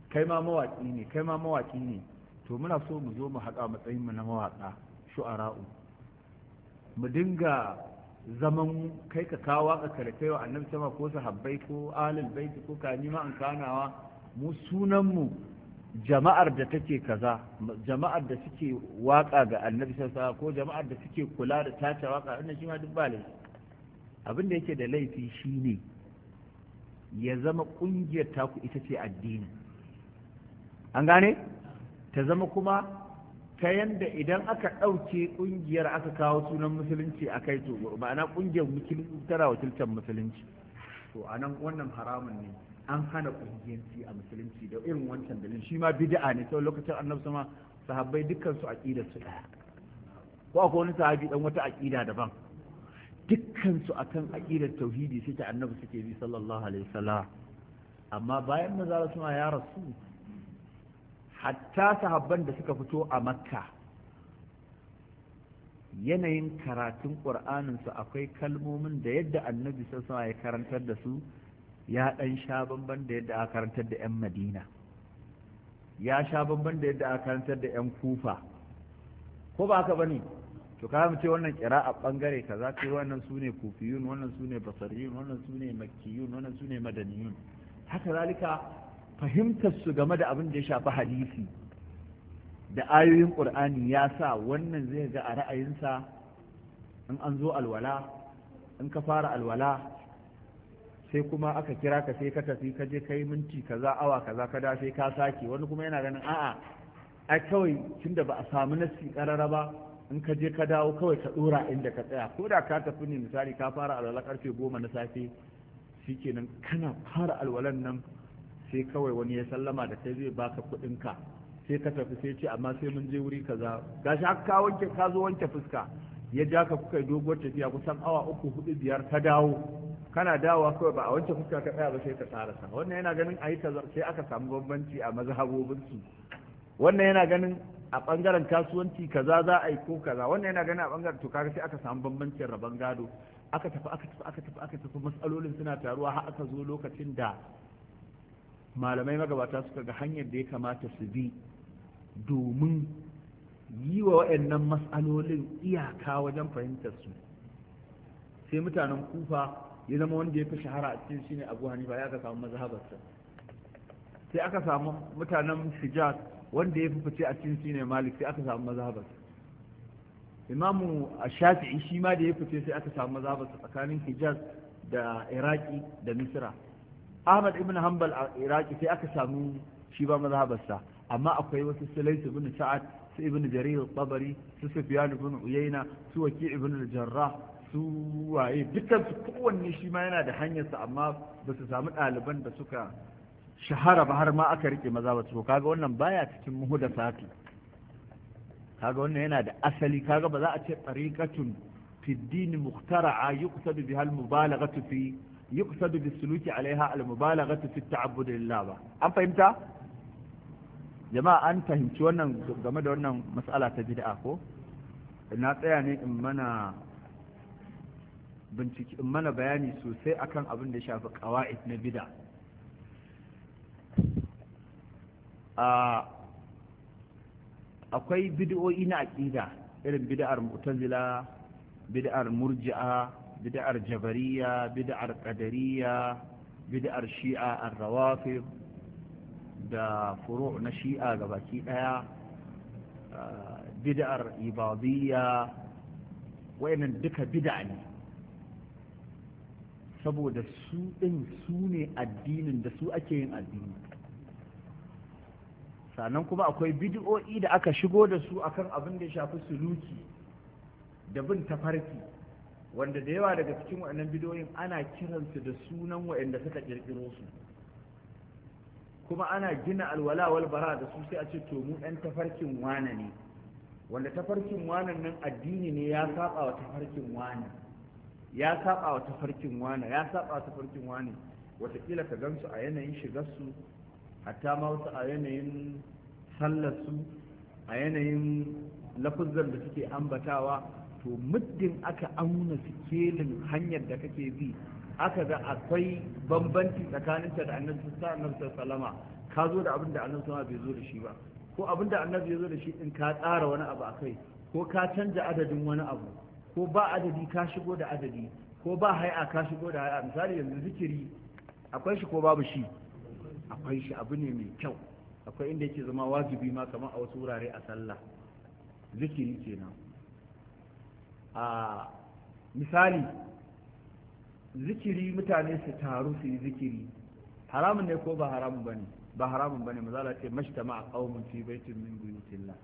kai ma mawaki ne kai ma mawaki ne to muna so mu zo mu haƙa matsayin mu na mawaka shu'ara'u mu dinga zaman kai ka kawa ka karfe wa annabi sama ko sahabbai ko alil baiti ko ma an kanawa mu sunan mu jama'ar da take kaza jama'ar da suke waka ga annabi sama ko jama'ar da suke kula da tace waka wannan shi ma duk ba laifi abin da yake da laifi shine ya zama kungiyar taku ita ce addini an gane ta zama kuma ta yanda idan aka ɗauke ƙungiyar aka kawo sunan musulunci a kai to ma'ana ƙungiyar tana wakiltar musulunci to a nan wannan haramun ne an hana ƙungiyanci a musulunci da irin wancan dalilin shi ma bid'a ne sau lokacin annabi sama sahabbai dukkan su aqidar su ɗaya ko akwai wani sahabi dan wata aqida daban dukkan su akan aqidar tauhidi sai ta annabi suke bi sallallahu alaihi wasallam amma bayan manzo sama ya rasu hatta sahabban da suka fito a makka yanayin karatun ƙur'aninsu akwai kalmomin da yadda annabi sassawa ya karantar da su ya ɗan sha bamban da yadda aka karantar da 'yan madina ya sha bamban da yadda aka karantar da 'yan kufa ko ba haka ba ne to ka mu ce wannan kira a za ka yi wannan su ne kufiyun wannan su ne basariyun wannan su ne makkiyun wannan su ne madaniyun haka zalika Fahimtar su game da abin da ya shafi hadisi da ayoyin ƙur'ani ya sa wannan zai ga a ra'ayinsa in an zo alwala in ka fara alwala sai kuma aka kira ka sai ka tafi ka je kai minti kaza awa kaza ka da ka sake wani kuma yana ganin a'a a kawai tunda ba a samu nasi karara ba in ka je ka dawo kawai ka dora inda ka tsaya ko da ka tafi ne misali ka fara alwala karfe goma na safe shikenan kana fara alwalan nan sai kawai wani ya sallama da kai zai baka kuɗinka sai ka tafi sai ce amma sai mun je wuri kaza gashi har ka wanke ka zo wanke fuska ya ja ka kuka doguwar tafiya kusan awa uku hudu biyar ka dawo kana dawowa kawai ba a wanke fuska ka tsaya ba sai ka ka wannan yana ganin a yi kaza sai aka samu bambanci a mazhabobinsu wannan yana ganin a bangaren kasuwanci kaza za a yi ko kaza wannan yana ganin a bangaren to kaga sai aka samu bambancin rabon gado aka tafi aka tafi aka tafi aka tafi matsalolin suna taruwa har aka zo lokacin da malamai magabata suka ga hanyar da ya kamata su bi domin yi wa waɗannan matsalolin iyaka wajen fahimtar su sai mutanen kufa ya zama wanda ya fi shahara a cikin shine abu hanifa ya aka samu mazhabarsa sai aka samu mutanen shijat wanda ya fi fice a cikin shine malik sai aka samu mazhabarsa imamu shafi'i shi ma da ya fice sai aka samu mazhabarsa tsakanin hijaz da iraki da misra ahmad ibn hanbal a iraki sai aka samu shi ba mazhabarsa amma akwai wasu sulaisu ibn sa'ad su ibn jarir tabari su sufyan ibn uyayna su waki ibn jarrah su waye dukkan su kowanne shi ma yana da hanyarsa amma ba su samu ɗaliban da suka shahara ba har ma aka rike maza ba su kaga wannan baya cikin muhudasati kaga wannan yana da asali kaga ba za a ce tariqatun fi din muhtara'a yuqsadu biha al-mubalaghatu fi yuqsadu bisuluki alaiha almubalaghatu fi ta'abbud lillah ba an fahimta jama'a an fahimci wannan game da wannan matsala ta bid'a ko na tsaya ne in mana bayani sosai akan abin da shafi qawaid na bid'a akwai bid'o'i na aqida irin bid'ar mu'tazila bid'ar murji'a bid'ar jabariya bid'ar qadariya bid'ar shi'a ar-rawafid da furu' na shi'a gabaki daya bid'ar ibadiyya wayannan duka bid'a ne saboda su ɗin su ne addinin da su ake yin addini sannan kuma akwai bid'o'i da aka shigo da su akan abin da ya shafi suluki da bin tafarki wanda da yawa daga cikin waɗannan bidiyoyin ana kiransu da sunan waɗanda suka ƙirƙiro su kuma ana gina alwala wal bara da su sai a ce to mu ɗan tafarkin wane ne wanda tafarkin wane nan addini ne ya saba wa tafarkin wane ya saba wa tafarkin wane ya saba wa tafarkin wane watakila ka gansu a yanayin shigarsu hatta ma wasu a yanayin sallarsu a yanayin lafuzan da suke ambatawa to muddin aka auna sikelin hanyar da kake bi aka ga akwai bambanci tsakaninta da annabi sallallahu salama ka zo da abin da annabi sallallahu bai zo da shi ba ko abin da annabi ya zo da shi din ka tsara wani abu akai ko ka canja adadin wani abu ko ba adadi ka shigo da adadi ko ba hay'a ka shigo da hay'a misali yanzu zikiri akwai shi ko babu shi akwai shi abu ne mai kyau akwai inda yake zama wajibi ma kamar a wasu wurare a sallah zikiri kenan a misali zikiri mutane su taru su yi zikiri haramun ne ko ba haramun bane ba haramun bane mazala ce mashita ma a qaumun fi baitin min buyutillah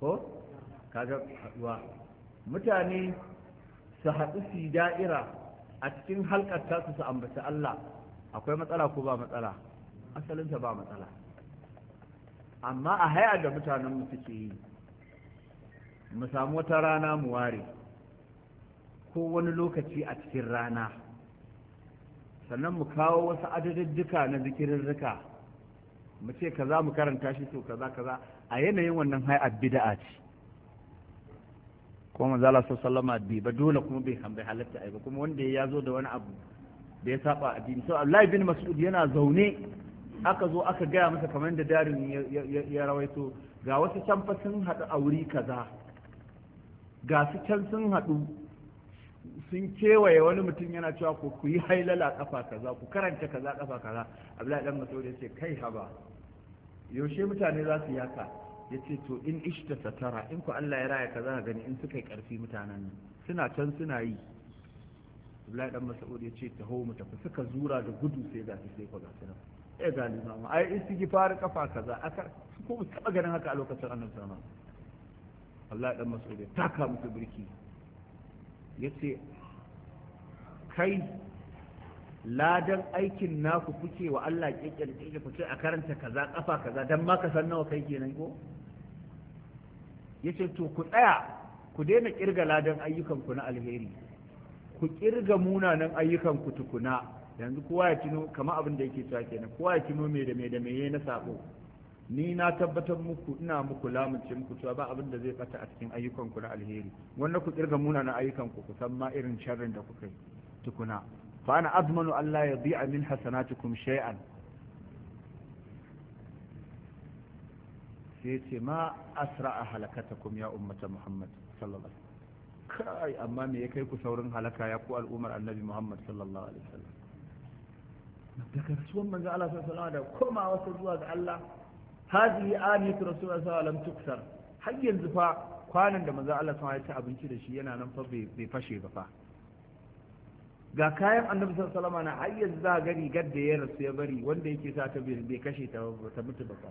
ko kaga haduwa mutane su haɗu su yi da'ira a cikin halkar tasu su ambaci Allah akwai matsala ko ba matsala asalinta ba matsala amma a haya da mutanen mu suke yi mu samu wata rana mu ware ko wani lokaci a cikin rana sannan mu kawo wasu adadadduka na zikirin rika mu ce kaza mu karanta shi to kaza kaza a yanayin wannan hay'ar bid'a ce kuma manzo Allah sallama bai ba dole kuma bai kan bai halatta ai ba kuma wanda ya zo da wani abu da ya saba addini so Allah ibn Mas'ud yana zaune aka zo aka gaya masa kamar da darin ya rawaito ga wasu can fa sun haɗu a wuri kaza ga su can sun haɗu sun kewaye wani mutum yana cewa ku ku yi hailala kafa kaza ku karanta kaza kafa kaza abdullahi dan ya yace kai haba yaushe mutane za su yaka yace to in ishta satara in ku Allah ya raya kaza gani in suka yi karfi mutanen nan suna can suna yi abdullahi dan ya yace taho mu tafi suka zura da gudu sai ga su sai ku ga su ya eh, ga limamu ai istighfar kafa kaza aka ko taba ganin haka a lokacin annabi sallallahu alaihi wasallam Allah dan masaudi taka musu birki ya ce kai ladan aikin naku kuke wa Allah kekere kekere kuce a karanta kaza kafa kaza dan ma ka san kai kenan ko yace to ku tsaya ku daina kirga ladan ayyukanku na alheri ku kirga munanan ayyukanku tukuna yanzu kowa ya tuno kamar abin da yake cewa kenan kowa ya tuno me da me da me na sako ni na tabbatar muku ina muku lamunce muku cewa ba abin da zai bata a cikin ayyukanku na alheri wannan ku kirga munanan ayyukanku ku san ma irin sharrin da kuka yi tukuna fa ana azmanu Allah ya bi amin hasanatikum shay'an sai ce ma asra'a halakatakum ya ummata Muhammad sallallahu alaihi wasallam kai amma me ya kai ku saurin halaka ya ku al'ummar Annabi Muhammad sallallahu alaihi wasallam daga rasuwan manzo Allah sallallahu alaihi wasallam da komawa zuwa ga Allah ani aniyatu rasulullahi sallallahu alaihi wasallam har yanzu fa kwanan da manzo Allah sallallahu alaihi wasallam ya ci abinci da shi yana nan fa bai fashe ba fa ga kayan annabi sallallahu alaihi wasallam na har yanzu za ga rigar da ya rasu ya bari wanda yake sa ta bai kashe ta ta mutu ba fa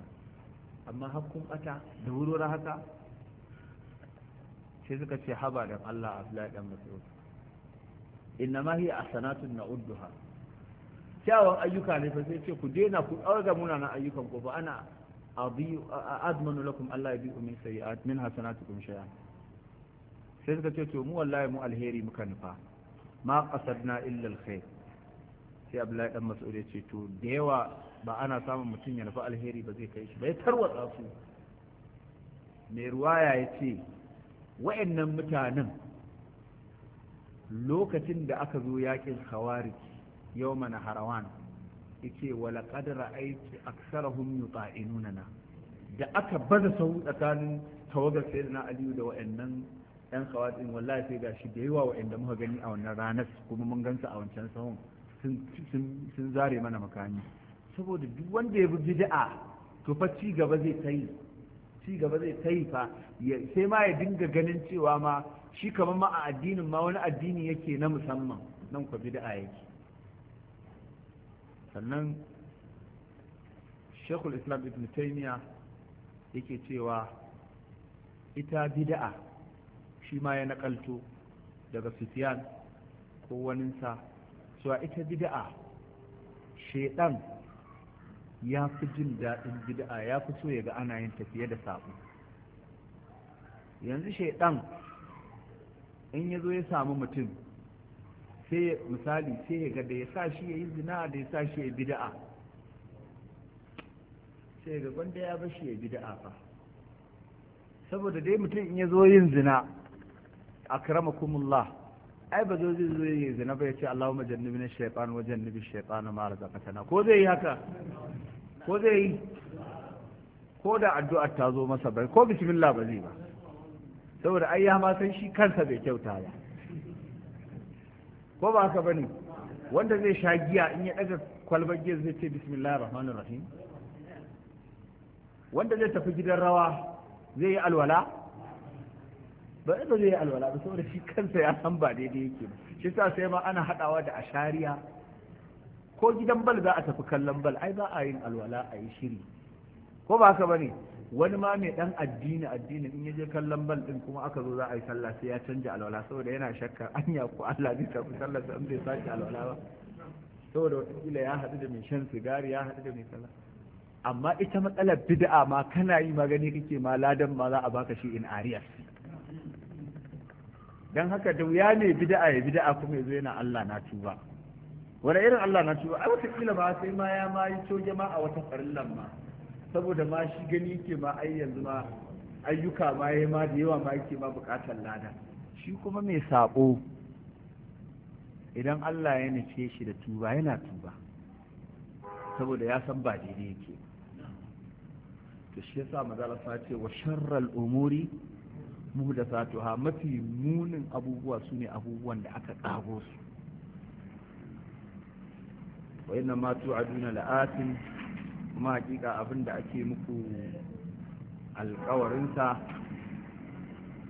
amma hakkun bata da wurorin haka sai suka ce haba da Allah Abdullahi dan Mas'ud inna ma hiya asanatun na'udduha kyawun ayyuka ne fa sai ce ku daina ku ɗaura munanan ayyukan ku ba ana admanu lakum Allah ya bi'u min sayi'at min hasanatikum shay'an sai suka ce to mu wallahi mu alheri muka nufa ma qasadna illa alkhair sai Abdullahi dan Mas'ud ce to da yawa ba ana samun mutum ya nufa alheri ba zai kai shi ba ya tarwatsa su mai ruwaya ya ce wa'annan mutanen lokacin da aka zo yakin khawarij yau mana harawan yace wala qad ra'aytu aktsarahum yuta'inuna da aka bada sau tsakanin tawagar sayyidina aliyu da wa'annan yan khawatin wallahi sai shi da yawa wa'anda muka gani a wannan ranar kuma mun gansa a wancan sahun sun zare mana makami saboda duk wanda ya bi bid'a to fa ci gaba zai ta yi ci gaba zai ta fa sai ma ya dinga ganin cewa ma shi kamar ma a addinin ma wani addini yake na musamman nan ku bid'a yake sannan shekul islam ibn taimiya yake cewa ita bida'a shi ma ya nakalto daga sufyan ko waninsa cewa ita bida'a shaidan ya fi jin daɗin bida'a ya fi so ya ga ana yin tafiye da saɓo yanzu shaidan in ya zo ya samu mutum sai misali sai ya ga da ya sa shi ya yi zina da ya sa shi ya bida'a sai ga gwanda ya bashi ya bida'a fa saboda dai mutum in ya zo yin zina a karama kumulla ai ba zo zai zo yin zina ba ya ce Allahumma jannibi na shaytan wa jannibi shaytan zaka sana ko zai yi haka ko zai yi ko da addu'ar ta zo masa bai ko bismillah ba zai ba saboda ai ya ma san shi kansa bai kyauta ba ko ba haka bane wanda zai sha giya in ya daga kwalbar giya zai ce bismillahir rahmanir rahim wanda zai tafi gidan rawa zai yi alwala ba ba zai yi alwala ba saboda shi kansa ya san ba daidai yake ba shi sa sai ma ana hadawa da ashariya ko gidan bal za a tafi kallon bal ai ba a yin alwala a yi shiri ko ba haka bane wani ma mai dan addini addini in yaje kallon bal din kuma aka zo za a yi sallah sai ya canja alwala saboda yana shakkar anya ko Allah zai ta sallah sai in bai sake alwala ba saboda kila ya haɗu da mai shan sigari ya haɗu da mai sallah amma ita matsalar bid'a ma kana yi magani kake ma ladan ma za a baka shi in ariya. dan haka da ya ne bid'a ya bid'a kuma yazo yana Allah na tuba wani irin Allah na tuba ai kila ba sai ma ya ma yi coge ma a wata farillan ma saboda ma shi gani ke ma ai yanzu ma ayyuka ma ya ma da yawa ma yake ma bukatar lada shi kuma mai sabo idan Allah ya nace shi da tuba yana tuba saboda ya san ba daidai yake to shi yasa madalla sa ce wa sharral umuri muhdathatuha mafi munin abubuwa sune abubuwan da aka kago su wa inna ma tu'aduna la'atin kuma hakika abin da ake muku alkawarinsa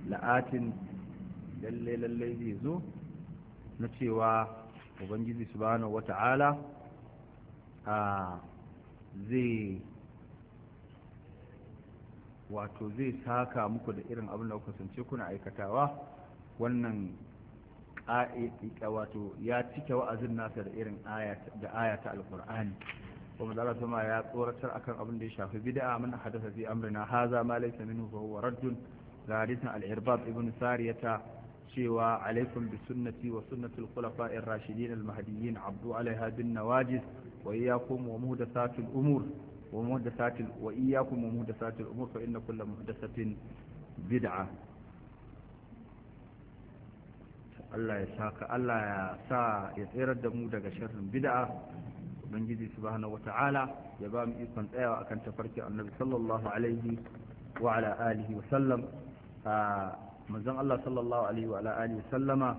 la'atin lalle lalle zai zo na cewa ubangiji subhanahu wata'ala a zai wato zai saka muku da irin abin da kusance kuna aikatawa wannan wato ya cike wa'azin nasa da irin da aya ta alkur'ani kuma da sama ya tsoratar akan abin da ya shafi bid'a man hadasa fi amrina haza ma laysa minhu fa huwa raddun ga hadisin al-irbab ibn sariyata cewa alaikum bi sunnati wa sunnati al-khulafa'ir rashidin al-mahdiyyin abdu alaiha bin nawajis wa iyyakum wa muhdathatil umur wa muhdathatil wa iyyakum wa umur fa inna kulla muhdathatin bid'a Allah ya saka Allah ya sa ya tsirar da mu daga sharrin bid'a ubangiji subhanahu wata'ala ya ba mu ikon tsayawa akan tafarki annabi sallallahu alaihi wa ala alihi wa sallam manzon Allah sallallahu alaihi wa ala alihi sallama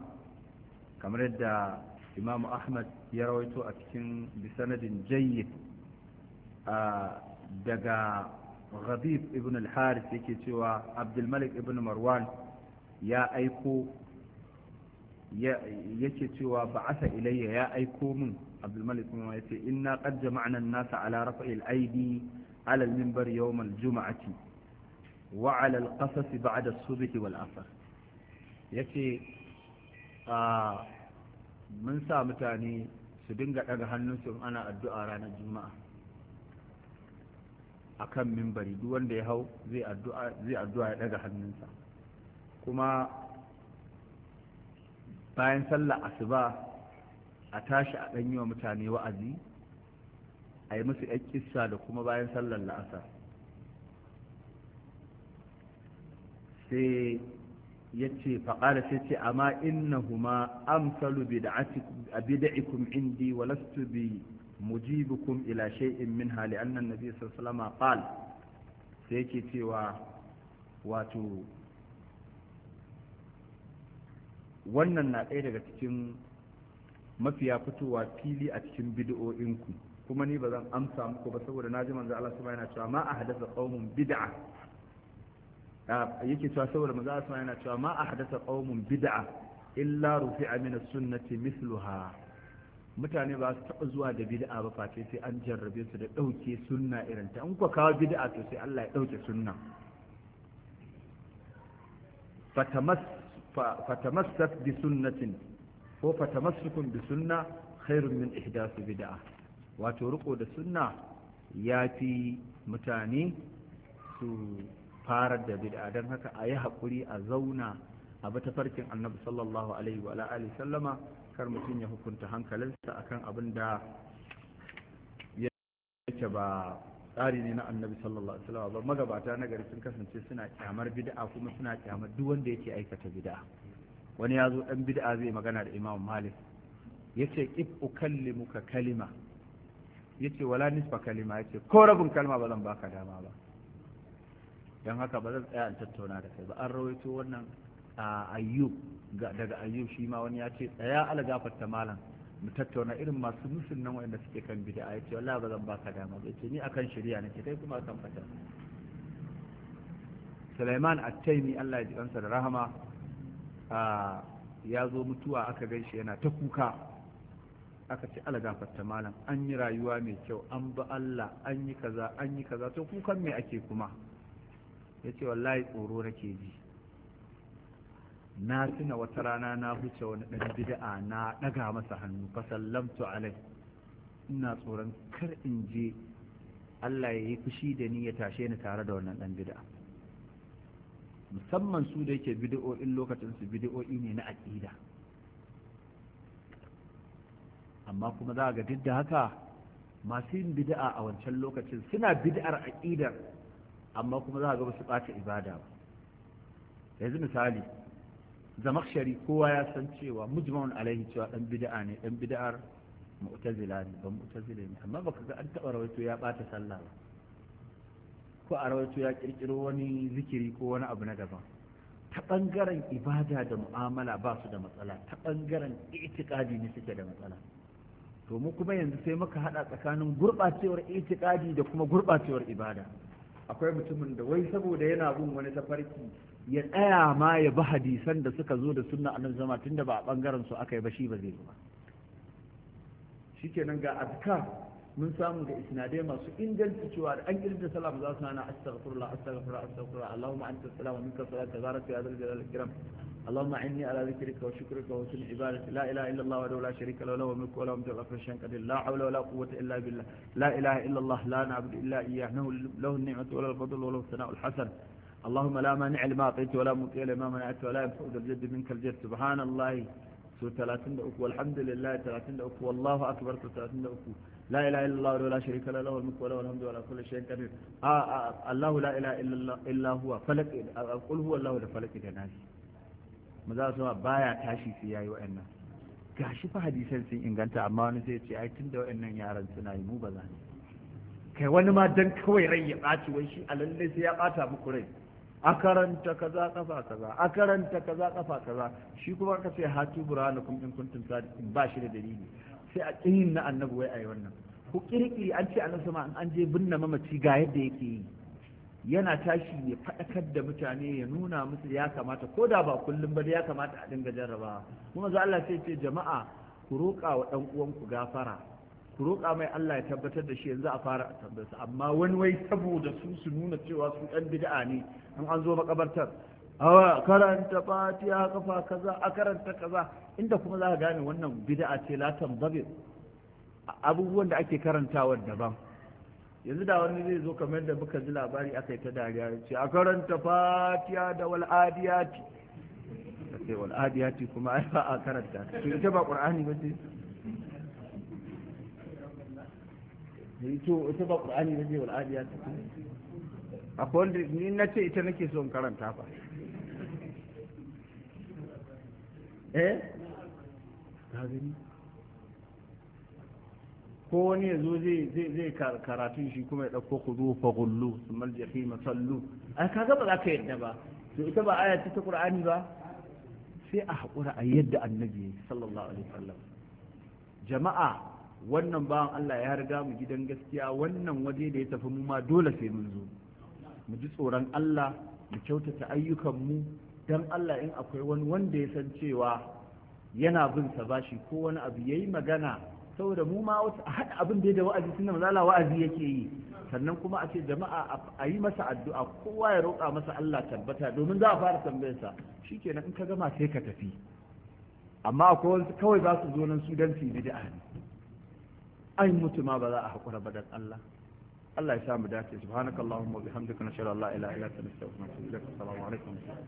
kamar yadda Imam Ahmad ya rawaito a cikin bisanadin jayyid daga Ghabib ibn al-Harith yake cewa Abdul Malik ibn Marwan ya aiko yake cewa ba'asa ilayya ya aiko min abdulmalik kuma ya ce inna qad jama'na an-nasa ala raf'il aidi ala al-minbar yawm al-jum'ati wa ala al-qasas ba'da as-subh wal asr yace a mun sa mutane su dinga daga hannunsu in ana addu'a ranar juma'a akan minbari duk wanda ya hau zai addu'a zai addu'a ya daga hannunsa kuma bayan sallar asuba a tashi a ɗanyi wa mutane wa'azi a yi musu ‘yan kissa da kuma bayan sallar la'asa sai ya ce faƙara sai ce amma innahuma amsalu bid'ikum indi wa lastu bi mujibukum ila shay'in min hali annan nabi sallallahu alaihi sai yake cewa wato wannan na ɗaya daga cikin mafiya fitowa fili a cikin bid'o'inku kuma ni ba zan amsa muku ba saboda naji manzo Allah subhanahu yana cewa ma ahdatha qaumun bid'a yake cewa saboda manzo Allah subhanahu yana cewa ma ahdatha qaumun bid'a illa rufi'a min as-sunnati mithluha mutane ba su taɓa zuwa da bid'a ba face sai an jarrabe su da ɗauke sunna irin ta in kuwa kawo bid'a to sai Allah ya ɗauke sunna fatamassat bi sunnatin ko tamassukun bi sunna khairun min ihdasu bid'ah wato riko da sunna yafi mutane su fara da bid'a dan haka a yi hakuri a zauna a bata farkin annabi sallallahu alaihi wa alihi sallama kar mutum ya hukunta hankalinsa akan abin da ya ba tsari ne na annabi sallallahu alaihi wa magabata na gari sun kasance suna kyamar bid'a kuma suna kyamar duk wanda yake aikata bid'a wani ya zo ɗan bid'a zai magana da imam malik ya ce if muka kalima ya ce wala nisfa kalima ya ce ko rabin kalma ba zan baka dama ba don haka ba zan tsaya in tattauna da kai ba an rawaito wannan a ayyub daga ayyub shi ma wani ya ce tsaya alagafar ta malam mu tattauna irin masu musul nan wanda suke kan bid'a ya ce wala ba zan baka dama ba ya ce ni akan shari'a nake kai kuma akan fata Sulaiman At-Taimi Allah ya ji kansa da rahama ya zo mutuwa aka gan shi yana ta kuka aka ce ala gafarta malam an yi rayuwa mai kyau an ba Allah an yi kaza an yi kaza to kukan mai ake kuma ya ce wallahi tsoro nake ji na tuna wata rana na huce wani ɗan bida'a na ɗaga masa hannu fa sallamtu alai ina tsoron kar in je Allah ya yi fushi da ni ya tashe ni tare da wannan ɗan bida'a. musamman su da yake bid'o'in lokacin su bid'o'i ne na aqida amma kuma za ga duk da haka masu yin bid'a a wancan lokacin suna bid'ar aƙidar, amma kuma za ga ba su ɓata ibada ba yanzu misali zamakshari kowa ya san cewa mujma'un alaihi cewa dan bid'a ne dan bid'ar mu'tazila ne ban mu'tazila amma baka ga an taɓa rawaito ya ɓata sallah ba ko a rawaito ya kirkiro wani zikiri ko wani abu na daban ta ɓangaren ibada da mu'amala ba su da matsala ta ɓangaren itikadi ne suke da matsala to mu kuma yanzu sai muka haɗa tsakanin gurɓacewar itikadi da kuma gurɓacewar ibada akwai mutumin da wai saboda yana bin wani tafarki ya tsaya ma ya bi hadisan da suka zo da sunna nan zama tunda ba a ɓangaren su aka yi ba shi ba zai ba shi shikenan ga azkar mun samu da isnadai masu inganci cewa da an kirin da salam za su nana astaghfirullah astaghfirullah astaghfirullah allahumma anta salam wa minka salat da zarafi ya zarafi al kiram allahumma inni ala zikrika wa shukrika wa sun ibadati la ilaha illa allah sharika la wa lahu mulku wa lahu shan qadir la hawla wa la quwwata illa allah la na'budu illa iyyah nahu lahu an'amatu wa lahu al-fadl wa lahu al-thana'u al-hasan اللهم لا مانع لما اعطيت ولا مطيع لما منعت ولا ينفع ذا الجد منك الجد سبحان الله سورة 33 والحمد لله 33 والله لا إله إلا الله ولا, ولا شريك له له الملك وله الحمد ولا كل شيء قدير الله لا إله إلا الله إلا هو فلك قل هو الله da falaki da nasi maza su baya tashi sai yayi wa'annan gashi fa hadisan sun inganta amma wani zai ce ai tunda wa'annan yaran suna yi mu ba za ni kai wani ma dan kawai rai ya ɓaci wai shi a lalle sai ya ɓata muku rai a karanta kaza kafa kaza a karanta kaza kafa kaza shi kuma ka ce hatu burhanukum in kuntum sadiqin ba shi da dalili sai a ƙirin na annabi wai a yi wannan ko kirkiri an ce annabi sama an je binne mamaci ga yadda yake yi yana tashi ya faɗakar da mutane ya nuna musu ya kamata ko da ba kullum ba ya kamata a dinga jarrabawa kuma za Allah sai ce jama'a ku roƙa wa ɗan uwanku gafara ku roƙa mai Allah ya tabbatar da shi yanzu a fara tambayarsa amma wani wai saboda su su nuna cewa su ɗan bid'a ne an zo makabartar a karanta fatiha kafa kaza a karanta kaza inda kuma za ka gane wannan bid'a ce la tanzabi abubuwan da ake karantawa daban yanzu da wani zai zo kamar da muka ji labari aka yi ta dariya ce a karanta fatiha da wal'adiyati ka ce wal'adiyati kuma ai ba a karanta to ita ba qur'ani ba ce eh, to ita ba qur'ani ba ce wal'adiyati akwai wanda ni na ce ita nake so in karanta ba eh ko wani ya zo zai karatun shi kuma ya ɗauko ku zuwa fagullu su malje fi masallu a kaga ba za ka yadda ba to ita ba aya ta qur'ani ba sai a haƙura a yadda annabi sallallahu alaihi wasallam jama'a wannan bawan Allah ya riga mu gidan gaskiya wannan waje da ya tafi mu ma dole sai mun zo mu ji tsoron Allah mu kyautata ayyukan mu dan Allah in akwai wani wanda ya san cewa yana bin sa bashi ko wani abu yayi magana saboda mu ma wata hada abin da ya da wa'azi tunda mazala wa'azi yake yi sannan kuma a ce jama'a a yi masa addu'a kowa ya roƙa masa Allah tabbata domin za a fara sa shikenan in ka gama sai ka tafi amma akwai wasu kawai za su zo nan su dan su bid'a ne ai mutu ma ba za a hakura ba dan Allah Allah ya sa mu dace subhanakallahumma wa bihamdika nashhadu an la ilaha illa anta nastaghfiruka wa atubu ilaik assalamu alaikum